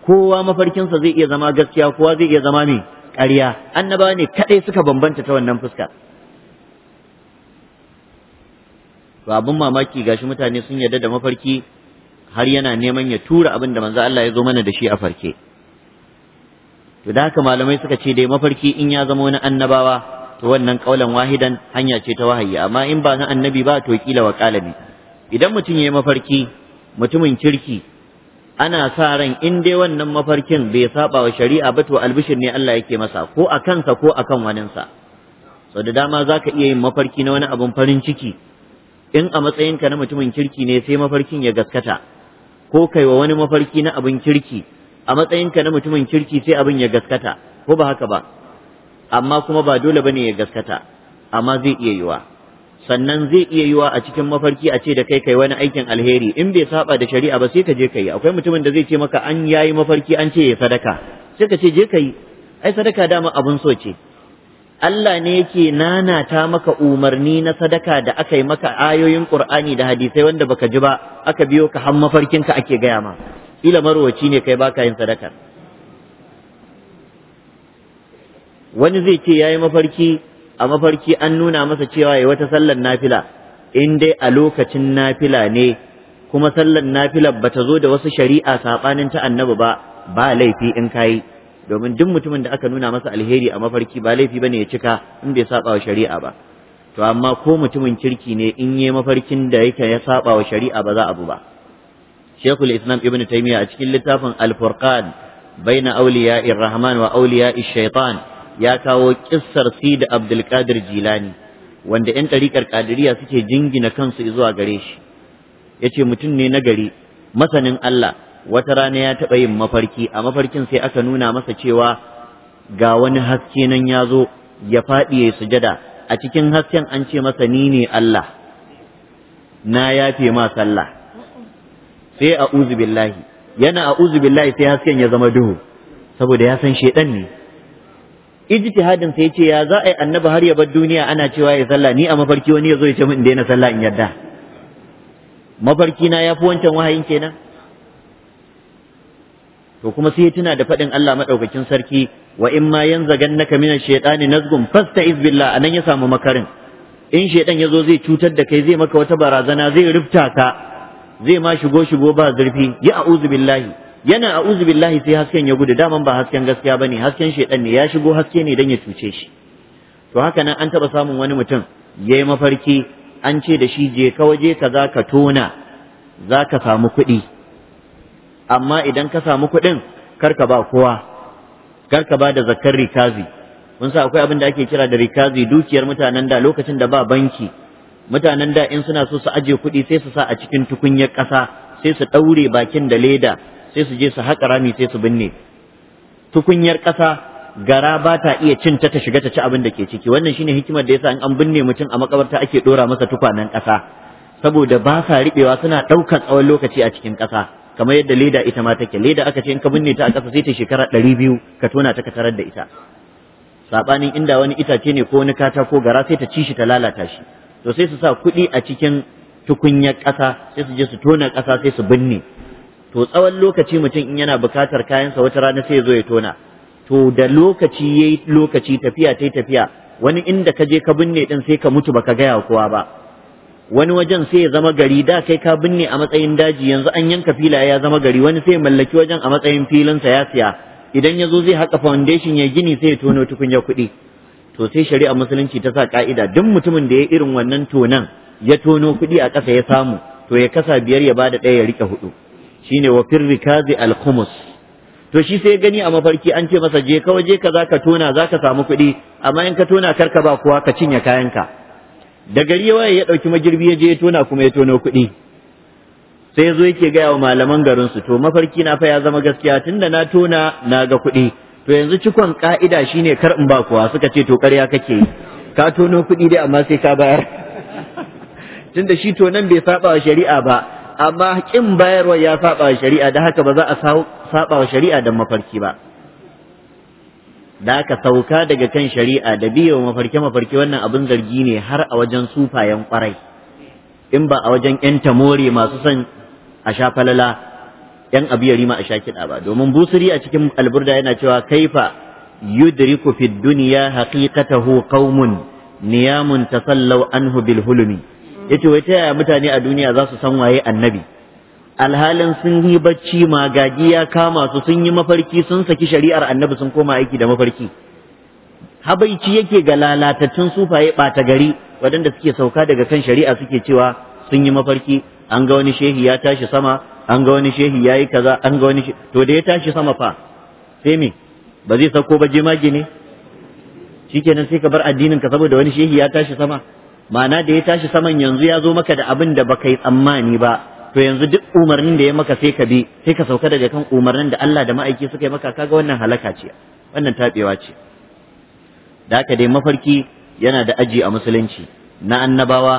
kowa mafarkinsa zai iya zama gaskiya kowa zai iya zama mai ƙarya annabawa ne kaɗai suka bambanta ta wannan fuska to abin mamaki gashi mutane sun yarda da mafarki har yana neman ya tura abin da manzo Allah ya zo mana da shi a farke to da haka malamai suka ce dai mafarki in ya zama wani annabawa to wannan kaulan wahidan hanya ce ta wahayi amma in ba na annabi ba to kila wa kalami idan mutum yayi mafarki mutumin kirki ana sa ran in dai wannan mafarkin bai saba wa shari'a ba to albishin ne Allah yake masa ko a kansa ko a kan waninsa sau da dama za ka iya yin mafarki na wani abun farin ciki in a matsayinka na mutumin kirki ne sai mafarkin ya gaskata ko kai wa wani mafarki na abin kirki a matsayinka na mutumin kirki sai abin ya gaskata ko ba haka ba amma kuma ba dole bane ya gaskata amma zai iya yiwa sannan zai iya yiwa a cikin mafarki a ce da kai kai wani aikin alheri in bai saba da shari'a ba sai ka je kai akwai mutumin da zai ce maka an yayi mafarki an ce ya sadaka sai ka ce je kai ai sadaka dama abun so ce Allah ne yake nanata maka umarni na sadaka da aka yi maka ayoyin Qur'ani da hadisai wanda baka ji ba aka biyo ka har mafarkinka ake gaya ma ila marwaci ne kai baka yin sadakar wani zai ce ya yi mafarki a mafarki an nuna masa cewa ya wata sallar nafila in dai a lokacin nafila ne kuma sallar nafilar bata zo da wasu shari'a saɓanin ta annabi ba ba laifi in kayi domin duk mutumin da aka nuna masa alheri a mafarki ba laifi bane ya cika in bai saba wa shari'a ba to amma ko mutumin kirki ne in yi mafarkin da yake ya saba wa shari'a ba za a bu ba shekul islam ibn taymiya a cikin littafin al-furqan baina awliya'ir rahman wa awliya'ish shaitan ya kawo kissar si da abdulkadir jilani wanda 'yan ɗariƙar ƙadiriya suke jingina kansu zuwa gare shi ya ce mutum ne na gari masanin Allah wata rana ya taɓa yin mafarki a mafarkin sai aka nuna masa cewa ga wani haske nan ya zo ya faɗi ya sujada a cikin hasken an ce masa ni ne Allah na yafe ma sallah sai a billahi yana a billahi sai hasken ya zama duhu saboda ya san shedan ne ijtihadin sai yace ya za a yi annabi har ya bar duniya ana cewa ya sallah ni a mafarki wani yazo ya ce min daina sallah in yarda mafarki na yafi wancan wahayin kenan to kuma sai tuna da faɗin Allah madaukakin sarki wa in ma yanzagannaka minash shaitani nazgum fasta'iz billah anan ya samu makarin in shaitan yazo zai cutar da kai zai maka wata barazana zai rufta ka zai ma shigo shigo ba zurfi ya a'udhu billahi yana a uzu billahi sai hasken ya gudu daman ba hasken gaskiya ba bane hasken shaidan ne ya shigo haske ne dan ya cuce shi to haka nan an taba samun wani mutum ya yi mafarki an ce da shi je ka waje ka za ka tona za ka samu kuɗi amma idan ka samu kuɗin kar ka ba kowa kar ka ba da Zakar rikazi mun sa akwai abin da ake kira da rikazi dukiyar mutanen da lokacin da ba banki mutanen da in suna so su aje kuɗi sai su sa a cikin tukunyar ƙasa sai su ɗaure bakin da leda sai su je su haƙa rami sai su binne tukunyar ƙasa gara ba ta iya cin ta ta shiga ta ci abin da ke ciki wannan shine hikimar da yasa in an binne mutum a makabarta ake dora masa tukwanen ƙasa saboda ba sa riɓewa suna ɗaukar tsawon lokaci a cikin ƙasa kamar yadda leda ita ma take leda aka ce in ka binne ta a ƙasa sai ta shekara ɗari biyu ka tona ta ka tarar da ita saɓanin inda wani itace ne ko wani katako gara sai ta ci shi ta lalata shi to sai su sa kuɗi a cikin tukunyar ƙasa sai su je su tona ƙasa sai su binne to tsawon lokaci mutum in yana bukatar kayansa wata rana sai zo ya tona to da lokaci yayi lokaci tafiya tai tafiya wani inda ka je ka binne din sai ka mutu baka gaya kowa ba wani wajen sai ya zama gari da kai ka binne a matsayin daji yanzu an yanka filaye ya zama gari wani sai mallaki wajen a matsayin sa ya siya idan ya zo zai haka foundation ya gini sai ya tono tukunya kuɗi to sai shari'a musulunci ta sa ka'ida duk mutumin da ya irin wannan tonan ya tono kuɗi a ƙasa ya samu to ya kasa biyar ya bada ɗaya ya riƙe hudu shine wa firrikazi alkhumus to shi sai gani a mafarki an ce masa je ka waje ka zaka tona zaka samu kuɗi amma in ka tona ka ba kuwa ka cinye kayan ka da gari waye ya ɗauki magirbi ya je ya tona kuma ya tono kuɗi sai ya zo yake gaya wa malaman garin su to mafarki na fa ya zama gaskiya tunda na tona na ga kuɗi to yanzu cikon ka'ida shine kar in ba kuwa suka ce to ƙarya kake ka tono kuɗi dai amma sai ka bayar tunda shi to nan bai saba shari'a ba amma in bayarwa ya saba shari'a da haka ba za a saba shari'a da mafarki ba da aka sauka daga kan shari'a da biyo mafarki mafarki wannan abin zargi ne har a wajen sufayen kwarai in ba a wajen yan tamore masu son a sha falala yan abiyari ma a sha kiɗa ba domin busiri a cikin alburda yana cewa kaifa yudriku fid duniya haqiqatahu qaumun niyamun tasallaw anhu bil hulumi yace wai ta yaya mutane a duniya za su san waye annabi alhalin sun yi bacci magagi ya kama su sun yi mafarki sun saki shari'ar annabi sun koma aiki da mafarki habaici yake ga lalatattun sufaye ɓata gari waɗanda suke sauka daga kan shari'a suke cewa sun yi mafarki an ga wani shehi ya tashi sama an ga wani shehi ya yi kaza an ga wani to da ya tashi sama fa sai me ba zai sauko ba jemage ne shikenan sai ka bar addinin ka saboda wani shehi ya tashi sama ma'ana da ya tashi saman yanzu ya zo maka da abin da baka yi tsammani ba to yanzu duk umarnin da ya maka sai ka bi sai ka sauka daga kan umarnin da Allah da ma'aiki suka yi maka kaga wannan halaka ce wannan tabewa ce da aka dai mafarki yana da aji a musulunci na annabawa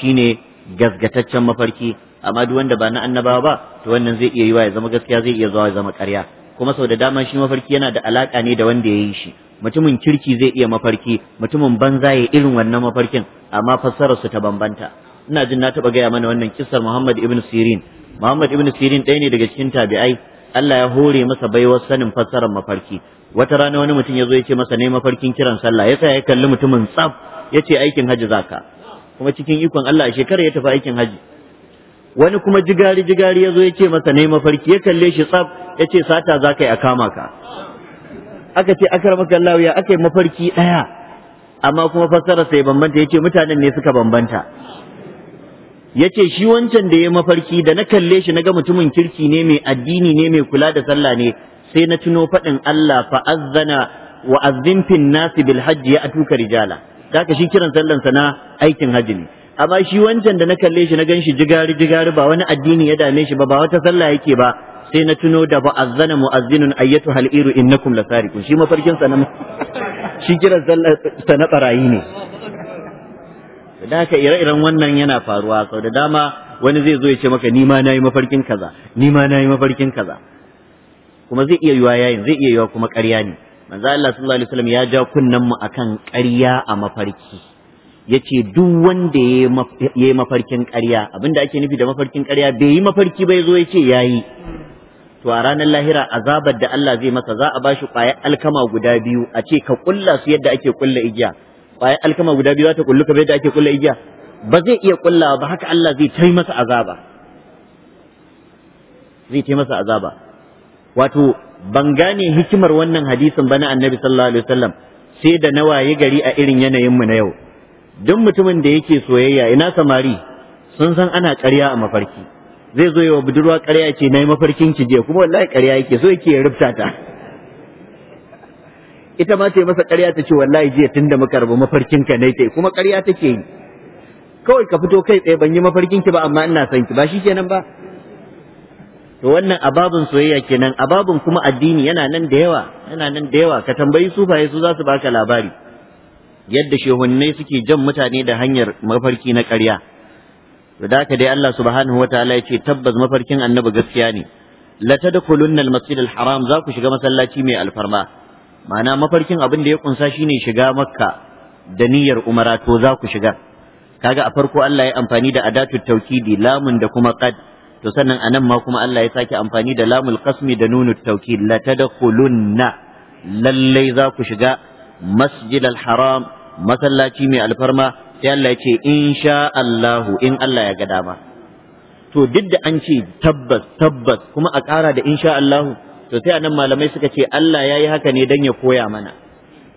shine gazgataccen mafarki amma duk wanda ba na annabawa ba to wannan zai iya yiwa ya zama gaskiya zai iya zuwa ya zama ƙarya kuma sau da dama shi mafarki yana da alaka ne da wanda ya yi shi mutumin kirki zai iya mafarki mutumin banza ya irin wannan mafarkin amma fassarar su ta bambanta ina jin na taba gaya mana wannan kissar Muhammad ibn Sirin Muhammad ibn Sirin ɗaya ne daga cikin tabi'ai Allah ya hore masa baiwar sanin fassarar mafarki wata rana wani mutum ya zo ya ce masa ne mafarkin kiran sallah ya ya kalli mutumin tsaf ya ce aikin haji zaka kuma cikin ikon Allah a shekara ya tafi aikin hajji. wani kuma jigari jigari ya zo ya ce masa ne mafarki ya kalle shi tsaf ya ce sata za ka yi a kama ka aka ce akramaka Allah ya aka yi mafarki ɗaya. amma kuma fassara sai bambanta yace mutanen ne suka bambanta yace shi wancan da ya mafarki da na kalle shi naga mutumin kirki ne mai addini ne mai kula da sallah ne sai na tuno faɗin Allah fa azzana wa azzin fil nasi bil hajji ya atuka rijala kaka shi kiran sallan sa na aikin hajji ne amma shi wancan da na kalle shi na gan shi jigari jigari ba wani addini ya dame shi ba ba wata sallah yake ba sai na tuno da ba'azzana mu'azzinun ayyatu hal'iru innakum lasariqun shi mafarkin sa na shi kira zalla na barayi ne da haka ire-iren wannan yana faruwa sau da dama wani zai zo ya ce maka ni ma nayi mafarkin kaza ni ma nayi mafarkin kaza kuma zai iya yuwa yayin zai iya yuwa kuma ƙarya ne manzo Allah sallallahu alaihi wasallam ya ja kunnan mu akan ƙarya a mafarki yace duk wanda ya yi mafarkin ƙarya abinda ake nufi da mafarkin ƙarya bai yi mafarki ba zo yace yayi to a ranar lahira azabar da Allah zai masa za a bashi ƙwayar alkama guda biyu a ce ka kulla su yadda ake kulla igiya ƙwayar alkama guda biyu za ta kullu yadda ake kulla igiya ba zai iya kullawa ba haka Allah zai tai masa azaba zai tai masa azaba wato ban gane hikimar wannan hadisin bana annabi sallallahu alaihi wasallam sai da na waye gari a irin yanayin mu na yau duk mutumin da yake soyayya ina samari sun san ana ƙarya a mafarki zai zo yawa budurwa ƙarya ce na yi mafarkin ki je kuma wallahi ƙarya yake so yake rubta ta ita ma sai masa ƙarya ta ce wallahi jiya tun da muka rabu mafarkin ka ne kuma ƙarya take yi kawai ka fito kai tsaye ban yi mafarkin ki ba amma ina son ki ba shi kenan ba to wannan ababun soyayya kenan ababun kuma addini yana nan da yawa yana nan da yawa ka tambayi sufaye su za su baka labari yadda shehunnai suke jan mutane da hanyar mafarki na ƙarya to da haka dai Allah subhanahu wataala ya ce tabbas mafarkin annabi gaskiya ne la tadkhulunna al-masjid haram za ku shiga masallaci mai alfarma ma'ana mafarkin abin da ya kunsa shine shiga makka da niyyar umara to za ku shiga kaga a farko Allah ya amfani da adatu tawkidi lamun da kuma qad to sannan anan ma kuma Allah ya sake amfani da lamul qasmi da nunut tawkid la tadkhulunna lallai za ku shiga masjid haram masallaci mai alfarma sai Allah ya ce in Allahu in Allah ya ga dama to duk da an ce tabbas tabbas kuma a ƙara da in sha Allahu to sai anan malamai suka ce Allah ya yi haka ne don ya koya mana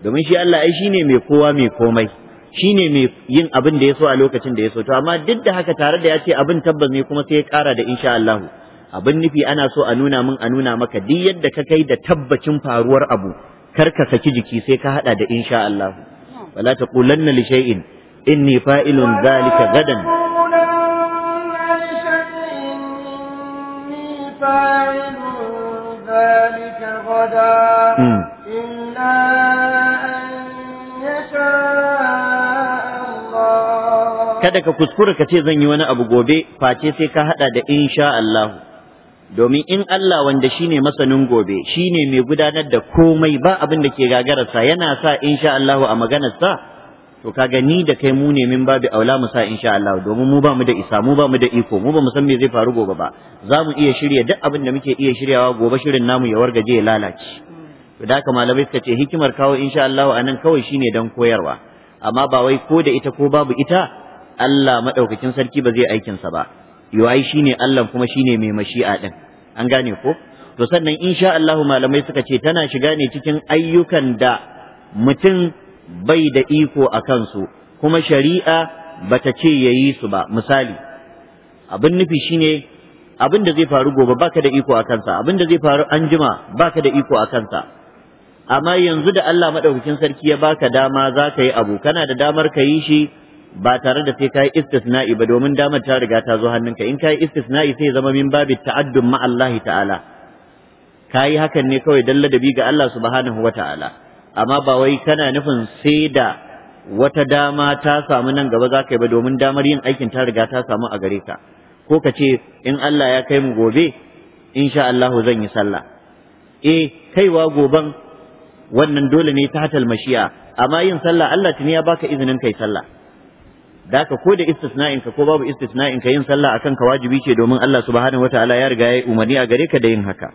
domin shi Allah ai shine mai kowa mai komai shine mai yin abin da ya so a lokacin da ya so to amma duk da haka tare da ya ce abin tabbas ne kuma sai ya ƙara da in sha Allahu abin nufi ana so a nuna min a nuna maka duk yadda ka kai da tabbacin faruwar abu kar ka saki jiki sai ka hada da insha Allah hmm. wala taqulanna li shay'in inni fa'ilun zalika gadan hmm. kada ka kuskura kace zan yi wani abu gobe face sai ka hada da insha Allah domin in Allah wanda shine masanin gobe shine mai gudanar da komai ba abin da ke gagararsa yana sa insha Allah a maganarsa to kaga ni da kai mu ne min babu aula mu sa insha Allah domin mu ba mu da isa mu ba mu da iko mu ba mu san me zai faru gobe ba za mu iya shirya duk abin da muke iya shiryawa gobe shirin namu ya wargaje ya lalace to da haka malamai suka ce hikimar kawo insha Allah anan kawai shine dan koyarwa amma ba wai ko da ita ko babu ita Allah madaukakin sarki ba zai aikin sa ba yayi shine Allah kuma shine mai mashi'a din an gane ko to sannan insha Allah malamai suka ce tana shiga ne cikin ayyukan da mutum bai da iko a kansu kuma shari'a bata ce ya yi su ba misali abin nufi shine abin da zai faru gobe baka da iko a kansa abin da zai faru anjima baka da iko a kansa amma yanzu da Allah madaukakin sarki ya baka dama za ka yi abu kana da damar ka yi shi ba tare da sai ka yi istisna'i ba domin damar ta riga ta zo hannunka in ka yi istisna'i sai zama min babi ta'addun ma ta'ala ka yi hakan ne kawai dan ladabi ga Allah subhanahu wa ta'ala amma ba wai kana nufin sai da wata dama ta samu nan gaba za ka yi ba domin damar yin aikin ta riga ta samu a gare ka ko ka ce in Allah ya kai mu gobe insha Allahu zan yi sallah e kaiwa goban wannan dole ne ta hatal mashiya amma yin sallah Allah tuni ya baka izinin kai sallah da ka ko da istisna'in ka ko babu istisna'in ka yin sallah akan ka wajibi ce domin Allah subhanahu wataala ya riga ya umarni a gare ka da yin haka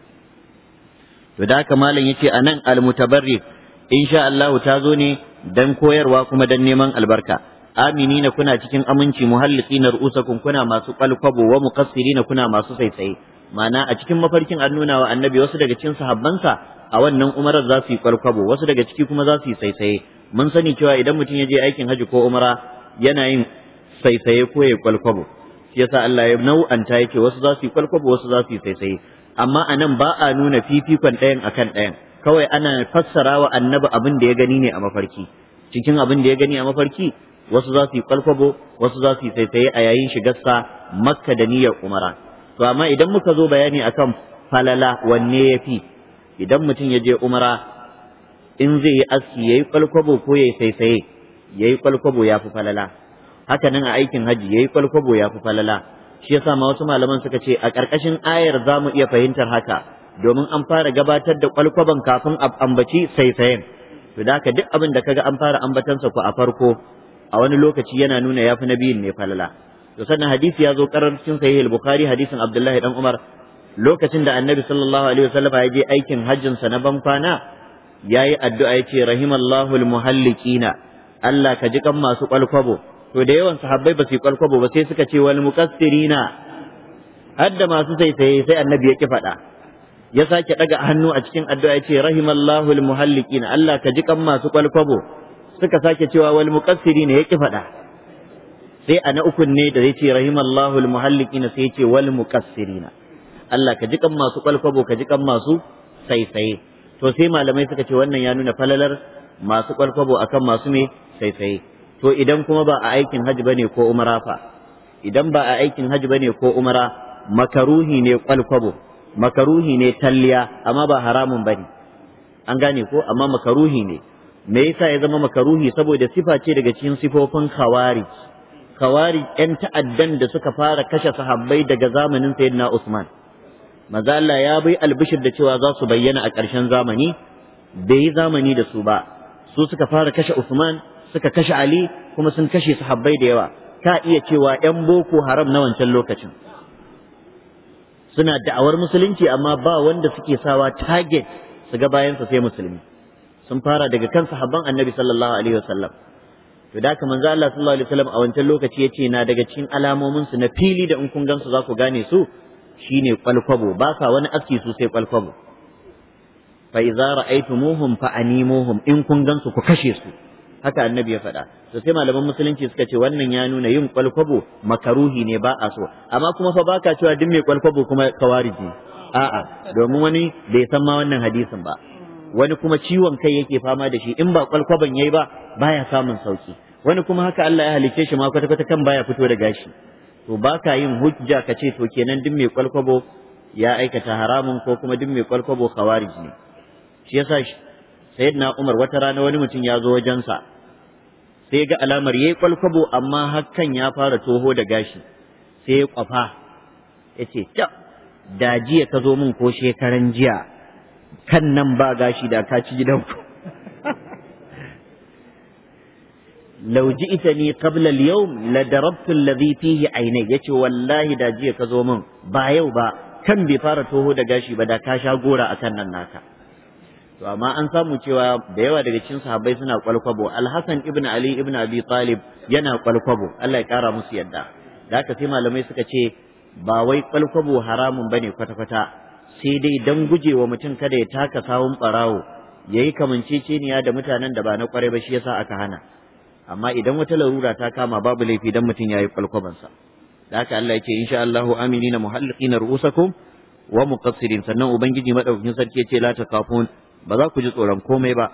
to da ka malam yace anan al-mutabarrik insha Allahu ta zo ne dan koyarwa kuma dan neman albarka aminina kuna cikin aminci muhallisina ru'usakum kuna masu kwalkwabo wa muqassirina kuna masu saitsaye mana a cikin mafarkin an nuna wa annabi wasu daga cikin sahabbansa a wannan umarar za su yi kwalkwabo wasu daga ciki kuma za su yi saitsaye mun sani cewa idan mutum ya je aikin haji ko umara yana yin saisaye ko ya kwalkwabo shi yasa Allah ya nau'anta yake wasu za su yi kwalkwabo wasu za su yi saisaye amma anan ba a nuna fifikon ɗayan akan ɗayan kawai ana fassara wa annabi abin da ya gani ne a mafarki cikin abin da ya gani a mafarki wasu za su yi kwalkwabo wasu za su yi saisaye a yayin shigarsa makka da niyyar umara to amma idan muka zo bayani akan falala wanne ya fi idan mutum ya je umara in zai yi aski ya yi kwalkwabo ko ya yi saisaye ya yi kwalkwabo ya fi falala haka nan a aikin hajji ya yi kwalkwabo ya fi falala shi yasa ma wasu malaman suka ce a ƙarƙashin ayar za mu iya fahimtar haka domin an fara gabatar da kwalkwaban kafin a ambaci saisayen to da duk abin da kaga an fara ambatansa ku a farko a wani lokaci yana nuna yafi nabiyin ne falala to sannan hadisi ya zo karar cikin sahih al-bukhari hadisin abdullahi dan umar lokacin da annabi sallallahu alaihi wasallam ya je aikin hajjin sa na ban kwana yayi addu'a yace rahimallahu al-muhallikina Allah ka ji kan masu kwalkwabo to da yawan sahabbai ba su kwalkwabo ba sai suka ce wal muqassirina hadda masu saisaye sai annabi ya ki faɗa ya sake daga hannu a cikin addu'a yace rahimallahu almuhalliqin Allah ka ji kan masu kwalkwabo suka sake cewa wal muqassirin ya ki faɗa sai a na ukun ne da ce rahimallahu almuhalliqin sai yace wal muqassirin Allah ka ji kan masu kwalkwabo ka ji kan masu saisaye to sai malamai suka ce wannan ya nuna falalar masu kwalkwabo akan masu me saisaye to idan kuma ba a aikin hajji bane ko umara fa idan ba a aikin hajji bane ko umara makaruhi ne kwalkwabo makaruhi ne talliya amma ba haramun bane an gane ko amma makaruhi ne me yasa ya zama makaruhi saboda sifa ce daga cikin sifofin khawari khawari yan ta'addan da suka fara kashe sahabbai daga zamanin sayyidina Usman maza Allah ya bai albishir da cewa za su bayyana a ƙarshen zamani bai yi zamani da su ba su suka fara kashe Usman suka kashe Ali kuma sun kashe sahabbai da yawa ka iya cewa yan boko haram na wancan lokacin suna da'awar musulunci amma ba wanda suke sawa target su ga bayansa sai musulmi sun fara daga kan sahabban annabi sallallahu alaihi wasallam to da haka manzo Allah sallallahu alaihi wasallam a wancan lokaci yace na daga cikin alamomin su na fili da in kun gansu za ku gane su shine kwalkwabo ba sa wani aski su sai kwalkwabo fa idza ra'aytumuhum fa animuhum in kun gansu ku kashe su haka annabi ya faɗa to sai malaman musulunci suka ce wannan ya nuna yin kwalkwabo makaruhi ne ba a so amma kuma fa baka cewa duk mai kwalkwabo kuma kawariji a'a domin wani bai san ma wannan hadisin ba wani kuma ciwon kai yake fama da shi in ba kwalkwaban yayi ba baya samun sauki wani kuma haka Allah ya halicce shi ma kwata kwata kan baya fito da gashi to baka yin hujja ka ce to kenan duk mai kwalkwabo ya aikata haramun ko kuma duk mai kwalkwabo kawariji ne shi yasa sayyidina Umar wata rana wani mutum ya zo wajensa sai ga alamar yayi kwalkwabo amma hakan ya fara toho da gashi sai ya kwafa yace ta da jiya ka zo min ko shekaran jiya kan nan ba gashi da ka ci gidanku لو جئتني قبل اليوم لضربت الذي فيه عيني yace wallahi da jiya ka zo min ba yau ba kan bai fara toho da gashi ba da ka sha gora akan nan naka to amma an samu cewa da yawa daga cikin sahabbai suna kwalkwabo alhassan ibn ali ibn abi talib yana kwalkwabo Allah ya kara musu yadda da haka sai malamai suka ce ba wai kwalkwabo haramun bane kwata kwata sai dai dan wa mutum kada ya taka sawun barawo yayi kamanceceniya da mutanen da ba na kwarai ba shi yasa aka hana amma idan wata larura ta kama babu laifi dan mutum yayi sa da haka Allah ya ce insha Allahu aminina muhalliqina ru'usakum wa muqassirin sannan ubangiji madaukakin sarki yace ce la takafun ba za ku ji tsoron komai ba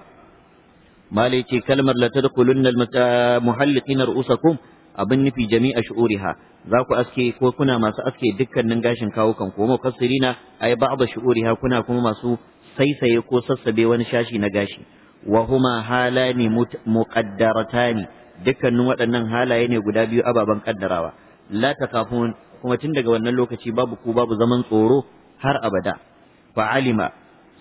malai ce kalmar la al muhalliqina ru'usakum abin nufi jami'a shu'uriha za ku aske ko kuna masu aske dukkanin gashin kawo kan ko mufassirina ai, ba'da shu'uriha kuna kuma masu saisaye ko sassabe wani shashi na gashi wa huma halani muqaddaratani dukkanin waɗannan halaye ne guda biyu ababen kaddarawa la takafun kuma tun daga wannan lokaci babu ku babu zaman tsoro har abada fa alima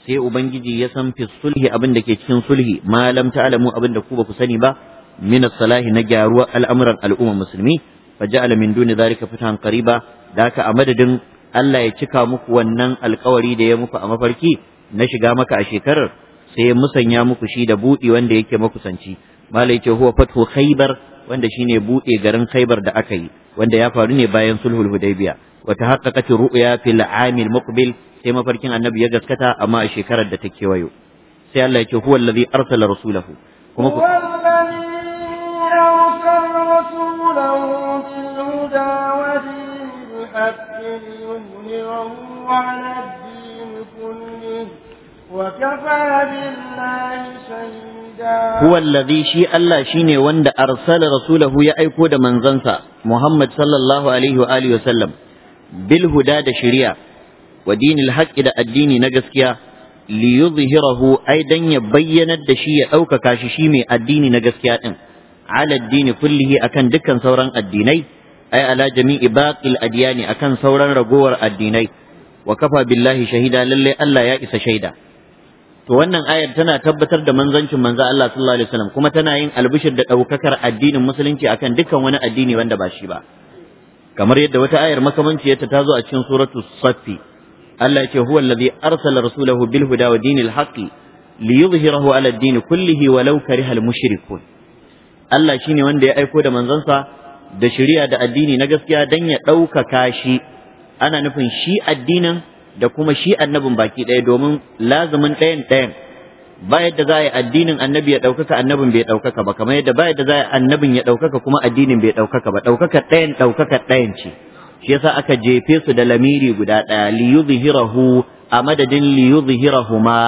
sai ubangiji ya san fi sulhi abin da ke cikin sulhi ma lam ta'lamu abin da ku ba ku sani ba min salahi na gyaruwa al'amuran al'umma musulmi fa ja'ala min duni zalika fitan qariba da haka a madadin Allah ya cika muku wannan alkawari da ya muku a mafarki na shiga maka a shekarar sai musanya muku shi da buɗi wanda yake makusanci malai ce huwa fathu khaybar wanda shine buɗe garin khaybar da aka yi wanda ya faru ne bayan sulhul hudaybiya wa tahaqqaqat ru'ya fil amil muqbil sai mafarkin annabi ya gaskata amma a shekarar da take wayo sai Allah ya ce huwa allazi arsala rasulahu kuma ku هو الذي shi الله shine وند أرسل رسوله ya aiko da manzansa Muhammad sallallahu alaihi wa alihi wa sallam bil wa dinil da addini na gaskiya li yuzhirahu ai dan ya bayyanar da shi ya ɗaukaka shi shi mai addini na gaskiya din aladdini addini kullihi akan dukkan sauran addinai ai ala jami'i adiyani akan sauran ragowar addinai wa kafa billahi shahida lalle Allah ya isa shaida to wannan ayar tana tabbatar da manzancin manzo Allah sallallahu kuma tana yin albishir da ɗaukakar addinin musulunci akan dukkan wani addini wanda ba shi ba kamar yadda wata ayar makamanciyarta ta zo a cikin suratul safi Allah ya ce huwa allazi arsala rasulahu bil huda wa dinil haqqi liyuzhirahu ala ad-din kullihi walau kariha al mushrikun Allah shine wanda ya aiko da manzansa da shari'a da addini na gaskiya dan ya ɗaukaka shi ana nufin shi addinin da kuma shi annabin baki ɗaya domin lazumin ɗayan ɗayan ba yadda za a yi addinin annabi ya ɗaukaka annabin bai ɗaukaka ba kamar yadda ba yadda za a yi annabin ya ɗaukaka kuma addinin bai ɗaukaka ba ɗaukaka ɗayan ɗaukaka ɗayan ce shi yasa aka jefe su da lamiri guda ɗaya li yuzhirahu a madadin li yuzhirahuma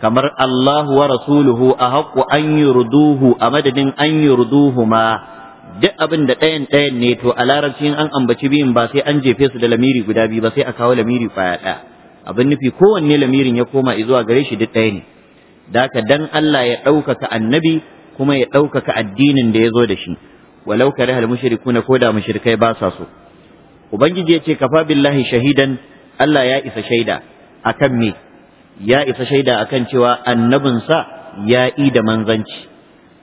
kamar Allahu wa rasuluhu a haqqu an yurduhu a madadin an yurduhuma duk abin da ɗayan ɗayan ne to a larabci in an ambaci biyun ba sai an jefe su da lamiri guda biyu ba sai a kawo lamiri kwaya ɗaya abin nufi kowanne lamirin ya koma zuwa gare shi duk ɗaya ne daka dan Allah ya ɗaukaka annabi kuma ya ɗaukaka addinin da ya zo da shi walau kare hal na ko da mushrikai ba sa so ubangiji ya ce kafa billahi shahidan Allah ya isa shaida akan me ya isa shaida akan cewa annabinsa ya yi da manzanci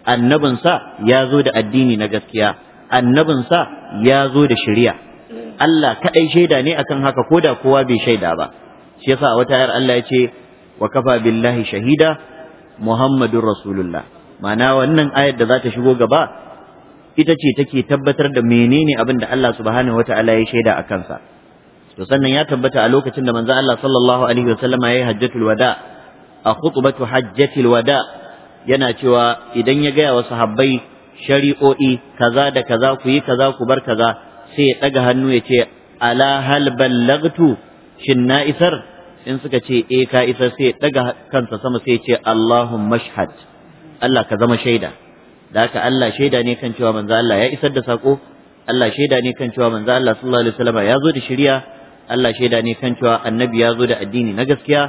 annabinsa ya zo da addini na gaskiya annabinsa ya zo da shari'a Allah kaɗai shaida ne akan haka ko da kowa bai shaida ba shi yasa a wata yar Allah ya ce wa kafa billahi shahida muhammadur rasulullah ma'ana wannan ayar da za ta shigo gaba ita ce take tabbatar da menene abin da Allah subhanahu wataala ya shaida a kansa to sannan ya tabbata a lokacin da manzo Allah sallallahu alaihi ya yi hajjatul wada a khutbatu hajjatul wada yana cewa idan ya gaya wa sahabbai shari'o'i kaza da kaza ku yi kaza ku bar kaza sai ya daga hannu ya ce ala hal ballagtu shin na isar in suka ce eh ka isar sai ya daga kansa sama sai ya ce allahumma shahad Allah ka zama shaida da haka Allah shaida ne kan cewa manzo Allah ya isar da sako Allah shaida ne kan cewa manzo Allah sallallahu alaihi wasallam ya zo da shari'a Allah shaida ne kan cewa annabi ya zo da addini na gaskiya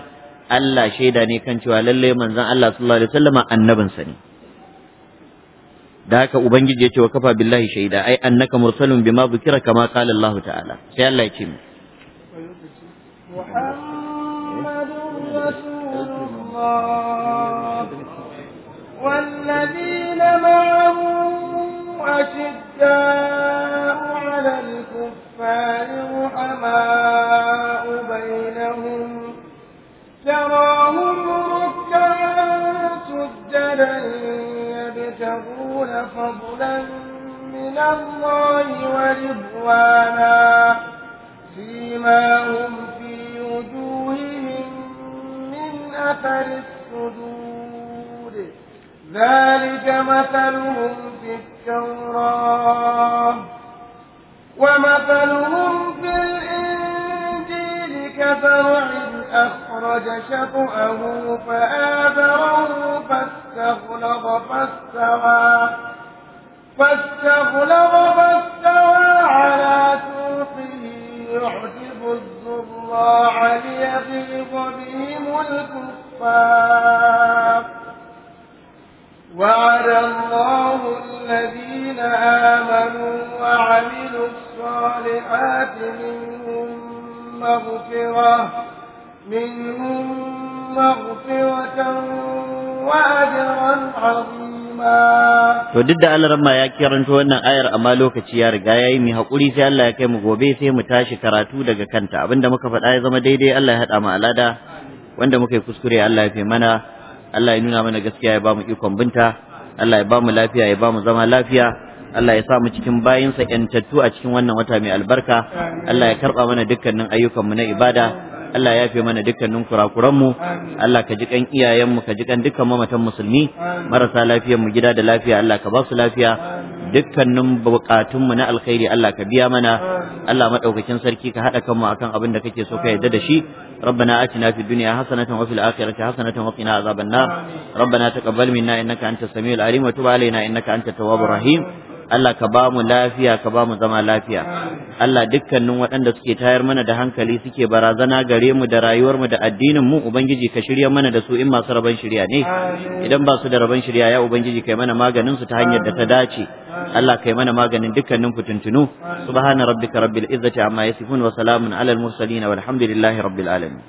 Allah shaida ne kan cewa lallai manzon Allah sallallahu alaihi wasallam annabinsa ne da haka ubangiji ya ce wa kafa billahi shaida ai annaka mursalun bima zukira kama qala Allah ta'ala sai Allah ya ce mu Muhammadur Rasulullah والذين معه أشداء على الكفار رحماء بينهم تراهم ركعا سجدا يبتغون فضلا من الله ورضوانا فيما هم في وجوههم من أثر السجود ذلك مثلهم في التوراة ومثلهم في الإنجيل كفرع أخرج شطأه فآبره فاستغلظ فاستوى فاستغلظ فاستوى على سوقه يعجب الزراع ليغلظ بهم الكفار وعد الله الذين آمنوا وعملوا الصالحات منهم مغفرة منهم مغفرة وأجرا عظيما to duk da Allah ramma ya kiranto wannan ayar amma lokaci ya riga yayi mu hakuri sai Allah ya kai mu gobe sai mu tashi karatu daga kanta abinda muka faɗa ya zama daidai Allah ya haɗa mu alada wanda muka yi kuskure Allah ya fi mana Allah ya nuna mana gaskiya ya ba mu ikon binta Allah ya ba mu lafiya ya ba mu zama lafiya Allah ya sa mu cikin bayinsa yantattu a cikin wannan wata mai albarka Allah ya karba mana dukkanin ayyukanmu na ibada Allah ya yafe mana dukkanin kurakuranmu Allah ka ji iyayenmu ka ji dukkan mamatan musulmi marasa lafiyar mu gida da lafiya Allah ka ba su lafiya dukkanin bukatunmu na alkhairi Allah ka biya mana Allah madaukakin sarki ka hada kanmu akan abin da kake so ka yarda da shi ربنا آتنا في الدنيا حسنة وفي الآخرة حسنة وقنا عذاب النار ربنا تقبل منا إنك أنت السميع العليم وتب علينا إنك أنت التواب الرحيم Allah ka ba mu lafiya ka ba mu zama lafiya Allah dukkanin waɗanda suke tayar mana da hankali suke barazana gare mu da rayuwar mu da addinin mu ubangiji ka shirya mana da su in masu rabon shirya ne idan ba su da rabon shirya ya ubangiji kai mana maganin su ta hanyar da ta dace Allah kai mana maganin dukkanin fitintunu subhana rabbika rabbil izzati amma yasifun wa salamun alal mursalin walhamdulillahi rabbil alamin